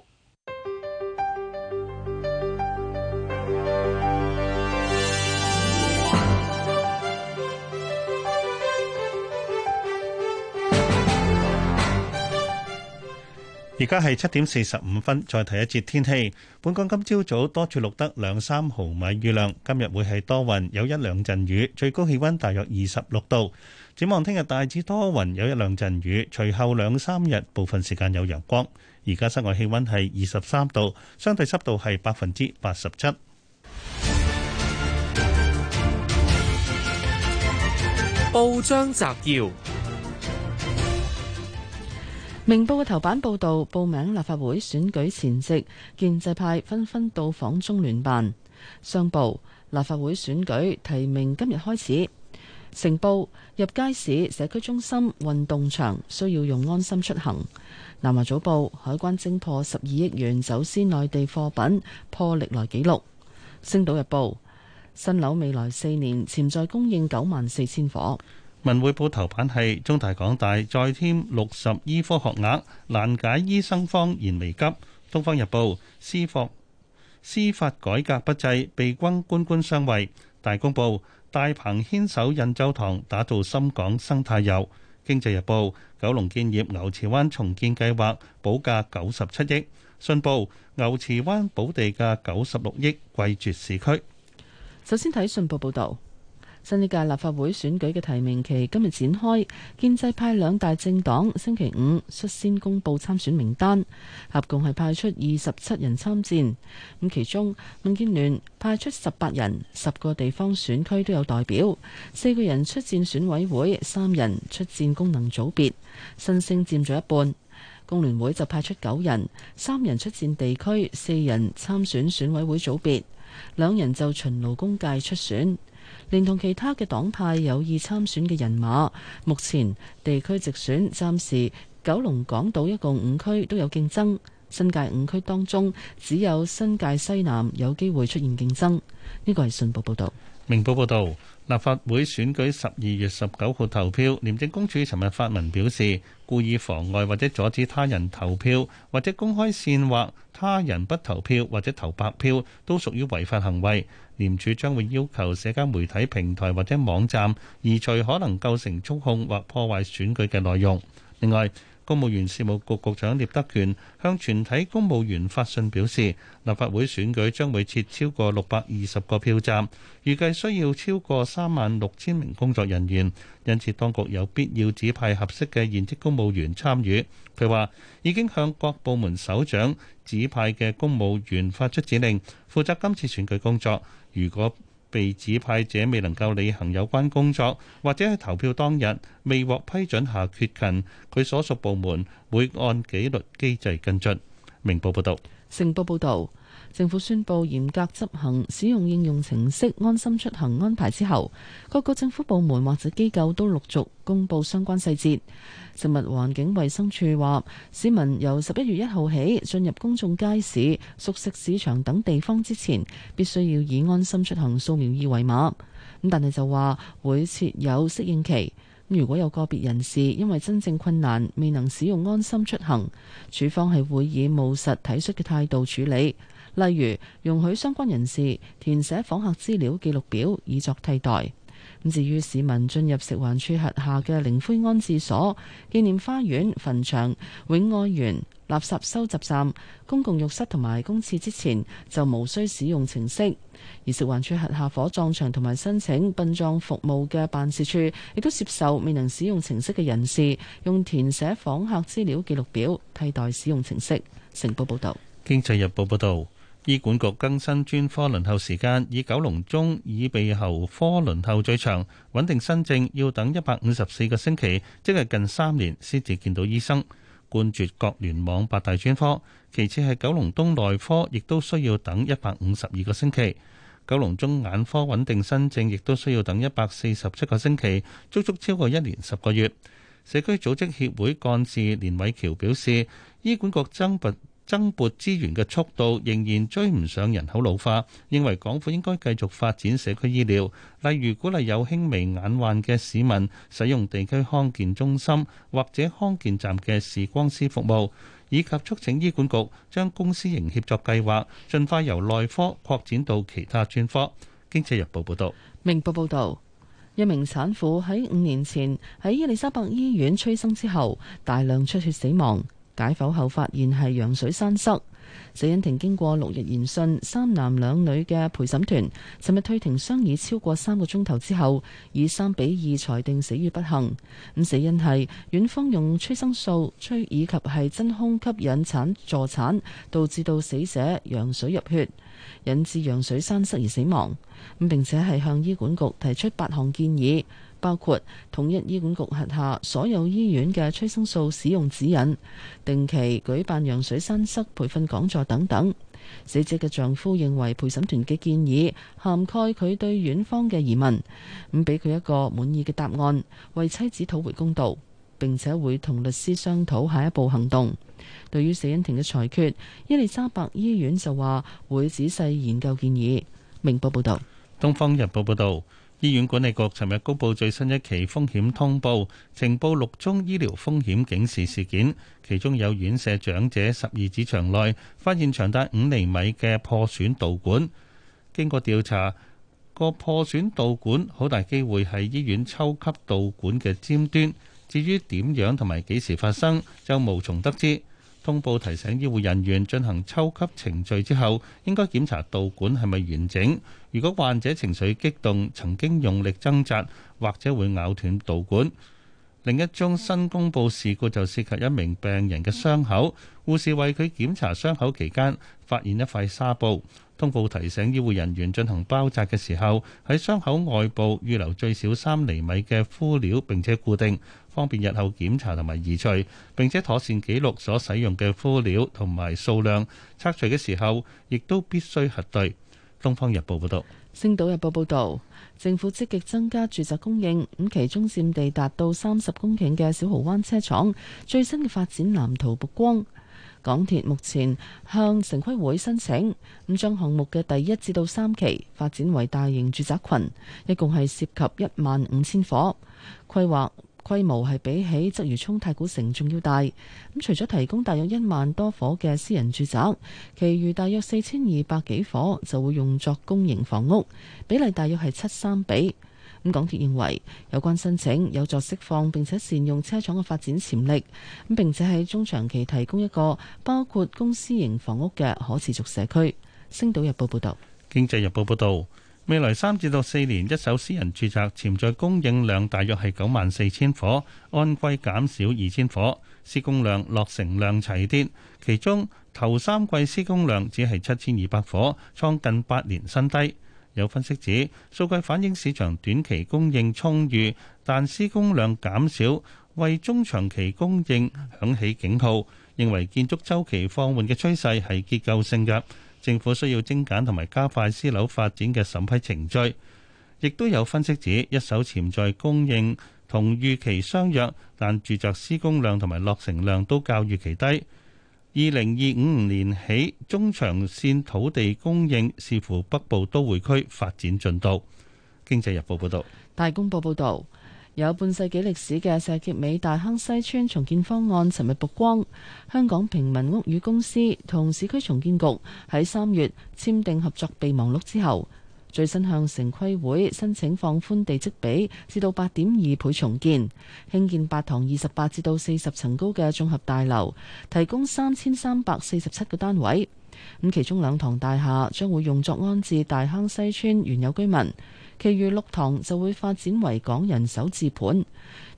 而家係七點四十五分，再睇一節天氣。本港今朝早多處錄得兩三毫米雨量，今日會係多雲，有一兩陣雨，最高氣溫大約二十六度。展望聽日大致多雲，有一兩陣雨，隨後兩三日部分時間有陽光。而家室外氣溫係二十三度，相對濕度係百分之八十七。報章摘要。明報嘅頭版報導，報名立法會選舉前夕，建制派紛紛到訪中聯辦。商報立法會選舉提名今日開始。成報入街市、社區中心、運動場需要用安心出行。南華早報海關偵破十二億元走私內地貨品，破歷來紀錄。星島日報新樓未來四年潛在供應九萬四千夥。文匯報頭版係中大港大再添六十醫科學額，難解醫生荒言未急。東方日報司法司法改革不濟，被轟官官相衛。大公報大鵬牽手印洲堂，打造深港生態遊。經濟日報九龍建業牛池灣重建計劃，補價九十七億。信報牛池灣補地價九十六億，貴絕市區。首先睇信報報道。新一屆立法會選舉嘅提名期今日展開，建制派兩大政黨星期五率先公布參選名單，合共係派出二十七人參戰。咁其中，民建聯派出十八人，十個地方選區都有代表，四個人出戰選委會，三人出戰功能組別，新星佔咗一半。工聯會就派出九人，三人出戰地區，四人參選選委會組別，兩人就循勞工界出選。連同其他嘅黨派有意參選嘅人馬，目前地區直選暫時九龍港島一共五區都有競爭，新界五區當中只有新界西南有機會出現競爭。呢個係信報報道，明報報道。立法會選舉十二月十九號投票，廉政公署尋日發文表示，故意妨礙或者阻止他人投票，或者公開煽惑他人不投票或者投白票，都屬於違法行為。廉署將會要求社交媒體平台或者網站移除可能構成觸控或破壞選舉嘅內容。另外，公務員事務局局長聶德權向全體公務員發信表示，立法會選舉將會設超過六百二十個票站，預計需要超過三萬六千名工作人員，因此當局有必要指派合適嘅現職公務員參與。佢話已經向各部門首長指派嘅公務員發出指令，負責今次選舉工作。如果被指派者未能夠履行有關工作，或者喺投票當日未獲批准下缺席，佢所屬部門會按紀律機制跟進。明報報道，成報報道。政府宣布嚴格執行使用應用程式安心出行安排之後，各個政府部門或者機構都陸續公布相關細節。食物環境衛生署話，市民由十一月一號起進入公眾街市、熟食市場等地方之前，必須要以安心出行掃描二維碼。咁但係就話會設有適應期。如果有個別人士因為真正困難未能使用安心出行，署方係會以務實體恤嘅態度處理。例如容許相關人士填寫訪客資料記錄表以作替代。咁至於市民進入食環署轄下嘅靈灰安置所、紀念花園、墳場、永愛園、垃圾收集站、公共浴室同埋公廁之前，就無需使用程式。而食環署轄下火葬場同埋申請殯葬服務嘅辦事處，亦都接受未能使用程式嘅人士用填寫訪客資料記錄表替代使用程式。成報報導，《經濟日報》報道。醫管局更新專科輪候時間，以九龍中耳鼻喉科輪候最長，穩定新症要等一百五十四個星期，即係近三年先至見到醫生。冠絕各聯網八大專科，其次係九龍東內科，亦都需要等一百五十二個星期。九龍中眼科穩定新症亦都需要等一百四十七個星期，足足超過一年十個月。社區組織協會幹事連偉橋表示，醫管局增撥，增撥資源嘅速度仍然追唔上人口老化，認為港府應該繼續發展社區醫療，例如鼓勵有輕微眼患嘅市民使用地區康健中心或者康健站嘅視光師服務，以及促請醫管局將公私營協作計劃盡快由內科擴展到其他專科。經濟日報報道：「明報報道，一名產婦喺五年前喺伊利沙伯醫院催生之後，大量出血死亡。解剖後發現係羊水栓塞，死因庭經過六日聆訊，三男兩女嘅陪審團，尋日退庭商議超過三個鐘頭之後，以三比二裁定死於不幸。咁死因係院方用催生素催以及係真空吸引產助產，導致到死者羊水入血，引致羊水栓塞而死亡。咁並且係向醫管局提出八項建議。包括統一醫管局轄下所有醫院嘅催生素使用指引，定期舉辦羊水栓塞培訓講座等等。死者嘅丈夫認為陪審團嘅建議涵蓋佢對院方嘅疑問，咁俾佢一個滿意嘅答案，為妻子討回公道，並且會同律師商討下一步行動。對於死因庭嘅裁決，伊利沙伯醫院就話會仔細研究建議。明報報道：東方日報報道。醫院管理局尋日公布最新一期風險通報，呈報六宗醫療風險警示事件，其中有院舍長者十二指腸內發現長達五厘米嘅破損導管。經過調查，個破損導管好大機會係醫院抽吸導管嘅尖端。至於點樣同埋幾時發生，就無從得知。通報提醒醫護人員進行抽吸程序之後，應該檢查導管係咪完整。如果患者情緒激動，曾經用力掙扎，或者會咬斷導管。另一宗新公布事故就涉及一名病人嘅傷口，護士為佢檢查傷口期間發現一塊紗布，通報提醒醫護人員進行包紮嘅時候，喺傷口外部預留最少三厘米嘅敷料並且固定，方便日後檢查同埋移除。並且妥善記錄所使用嘅敷料同埋數量，拆除嘅時候亦都必須核對。東方日報報道，星島日報報道。政府積極增加住宅供應，咁其中佔地達到三十公頃嘅小蠔灣車廠最新嘅發展藍圖曝光。港鐵目前向城規會申請，咁將項目嘅第一至到三期發展為大型住宅群，一共係涉及一萬五千伙規劃。規模係比起鰂魚涌太古城仲要大。咁除咗提供大約一萬多伙嘅私人住宅，其餘大約四千二百幾伙就會用作公營房屋，比例大約係七三比。咁港鐵認為有關申請有助釋放並且善用車廠嘅發展潛力，咁並且喺中長期提供一個包括公私營房屋嘅可持續社區。星島日報報道。經濟日報報導。未來三至到四年，一手私人住宅潛在供應量大約係九萬四千伙，按季減少二千伙，施工量、落成量齊跌。其中，頭三季施工量只係七千二百伙，創近八年新低。有分析指，數據反映市場短期供應充裕，但施工量減少，為中長期供應響起警號，認為建築週期放緩嘅趨勢係結構性嘅。政府需要精簡同埋加快私樓發展嘅審批程序，亦都有分析指一手潛在供應同預期相若，但住宅施工量同埋落成量都較預期低。二零二五年起中長線土地供應視乎北部都會區發展進度。經濟日報報導，大公報報導。有半世紀歷史嘅石硤尾大坑西村重建方案，尋日曝光。香港平民屋宇公司同市區重建局喺三月簽訂合作備忘錄之後，最新向城規會申請放寬地積比至到八點二倍重建，興建八幢二十八至到四十層高嘅綜合大樓，提供三千三百四十七個單位。咁其中兩幢大廈將會用作安置大坑西村原有居民。其餘六堂就會發展為港人首置盤，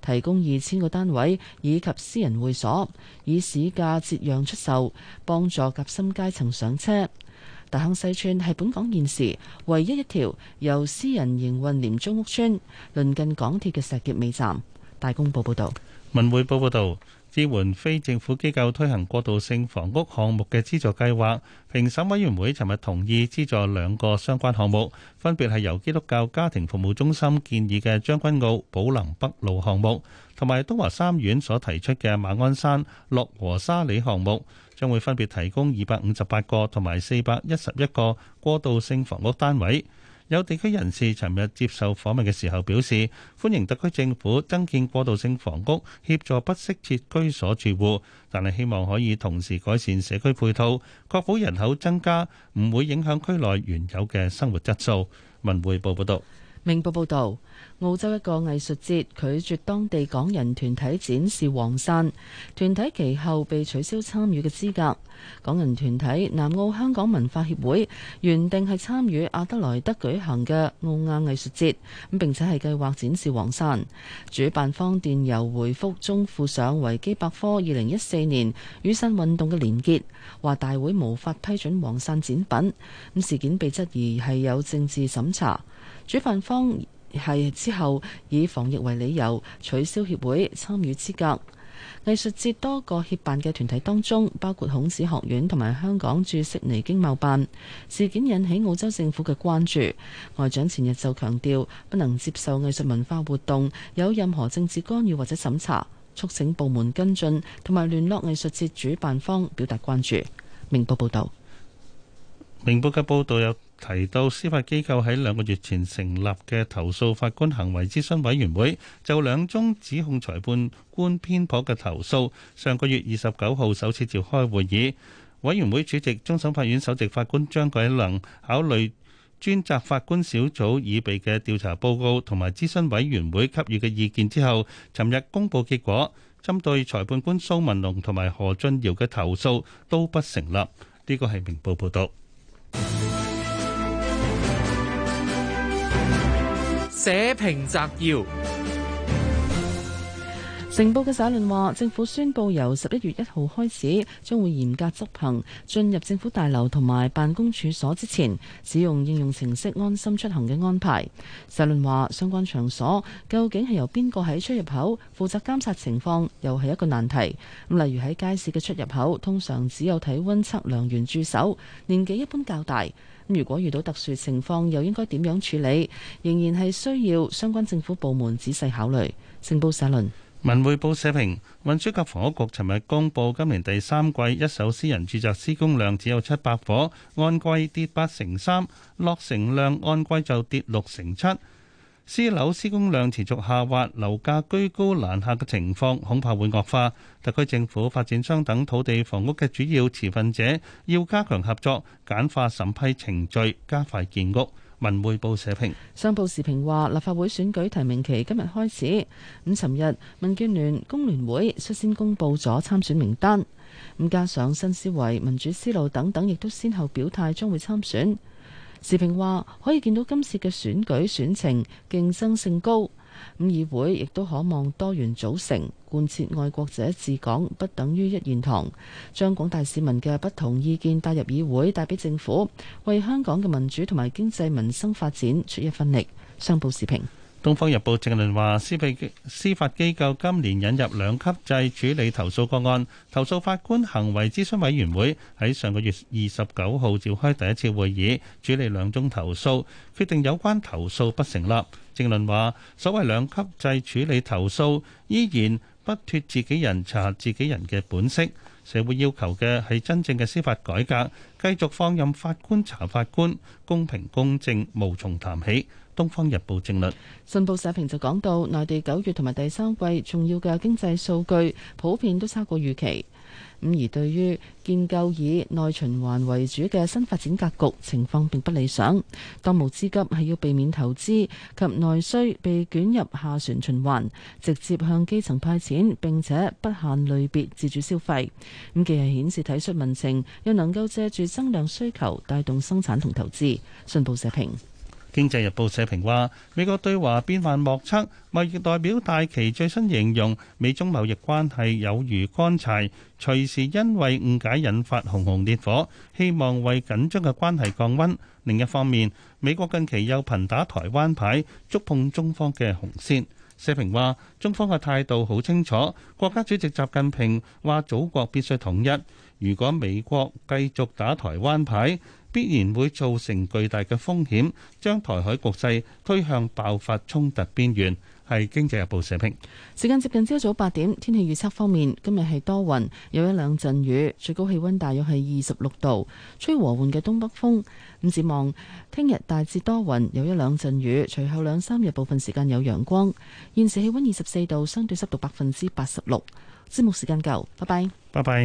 提供二千個單位以及私人會所，以市價折讓出售，幫助夾心階層上車。大坑西村係本港現時唯一一條由私人營運廉租屋村，鄰近港鐵嘅石硤尾站。大公報報道。文匯報報導。支援非政府機構推行過渡性房屋項目嘅資助計劃，評審委員會尋日同意資助兩個相關項目，分別係由基督教家庭服務中心建議嘅將軍澳寶林北路項目，同埋東華三院所提出嘅馬鞍山落禾沙里項目，將會分別提供二百五十八個同埋四百一十一個過渡性房屋單位。有地區人士尋日接受訪問嘅時候表示，歡迎特區政府增建過渡性房屋，協助不適切居所住戶，但係希望可以同時改善社區配套，確保人口增加，唔會影響區內原有嘅生活質素。文匯報報道。明報報導，澳洲一個藝術節拒絕當地港人團體展示黃傘，團體其後被取消參與嘅資格。港人團體南澳香港文化協會原定係參與阿德萊德舉行嘅澳亞藝術節，咁並且係計劃展示黃傘。主辦方電郵回覆中附上維基百科二零一四年雨傘運動嘅連結，話大會無法批准黃傘展品。咁事件被質疑係有政治審查。主辦方係之後以防疫為理由取消協會參與資格。藝術節多個協辦嘅團體當中，包括孔子學院同埋香港駐悉尼經貿辦。事件引起澳洲政府嘅關注，外長前日就強調不能接受藝術文化活動有任何政治干預或者審查，促請部門跟進同埋聯絡藝術節主辦方表達關注。明報報道，明報嘅報道有。提到司法機構喺兩個月前成立嘅投訴法官行為諮詢委員會，就兩宗指控裁判官偏頗嘅投訴，上個月二十九號首次召開會議。委員會主席終審法院首席法官張舉能考慮專責法官小組已備嘅調查報告同埋諮詢委員會給予嘅意見之後，尋日公布結果，針對裁判官蘇文龍同埋何俊堯嘅投訴都不成立。呢個係明報報導。社評摘要。成報嘅社論話，政府宣布由十一月一號開始，將會嚴格執行進入政府大樓同埋辦公處所之前使用應用程式安心出行嘅安排。社論話，相關場所究竟係由邊個喺出入口負責監察情況，又係一個難題。例如喺街市嘅出入口，通常只有體溫測量員駐守，年紀一般較大。如果遇到特殊情況，又應該點樣處理？仍然係需要相關政府部門仔細考慮。成報社論。文匯報社評，運輸及房屋局尋日公佈今年第三季一手私人住宅施工量只有七百伙，按季跌八成三，落成量按季就跌六成七。私樓施工量持續下滑，樓價居高難下嘅情況恐怕會惡化。特區政府、發展商等土地房屋嘅主要持份者要加強合作，簡化審批程序，加快建屋。文匯報社評。商報時評話，立法會選舉提名期今日開始。咁，尋日民建聯、工聯會率先公布咗參選名單。咁加上新思維、民主思路等等，亦都先後表態將會參選。時評話，可以見到今次嘅選舉選情競爭性高，咁議會亦都可望多元組成，貫徹愛國者治港不等於一言堂，將廣大市民嘅不同意見帶入議會，帶俾政府，為香港嘅民主同埋經濟民生發展出一分力。商報時評。《東方日報》正論話，司法機構今年引入兩級制處理投訴個案，投訴法官行為諮詢委員會喺上個月二十九號召開第一次會議，處理兩宗投訴，決定有關投訴不成立。正論話，所謂兩級制處理投訴，依然不脫自己人查自己人嘅本色。社會要求嘅係真正嘅司法改革，繼續放任法官查法官，公平公正，無從談起。《東方日報》政論。信報社評就講到，內地九月同埋第三季重要嘅經濟數據普遍都差過預期。咁而對於建構以內循環為主嘅新發展格局，情況並不理想。當務之急係要避免投資及內需被捲入下旋循環，直接向基層派錢，並且不限類別自主消費。咁既係顯示體恤民情，又能夠借住增量需求帶動生產同投資。信報社評。經濟日報社評話：美國對華變幻莫測，貿易代表戴琪最新形容美中貿易關係有如乾柴，隨時因為誤解引發熊熊烈火，希望為緊張嘅關係降温。另一方面，美國近期又頻打台灣牌，觸碰中方嘅紅線。社評話：中方嘅態度好清楚，國家主席習近平話祖國必須統一，如果美國繼續打台灣牌，必然會造成巨大嘅風險，將台海局勢推向爆發衝突邊緣。係《經濟日報》社評。時間接近朝早八點，天氣預測方面，今日係多雲，有一兩陣雨，最高氣温大約係二十六度，吹和緩嘅東北風。咁展望聽日大致多雲，有一兩陣雨，隨後兩三日部分時間有陽光。現時氣温二十四度，相對濕度百分之八十六。節目時間夠，拜拜。拜拜。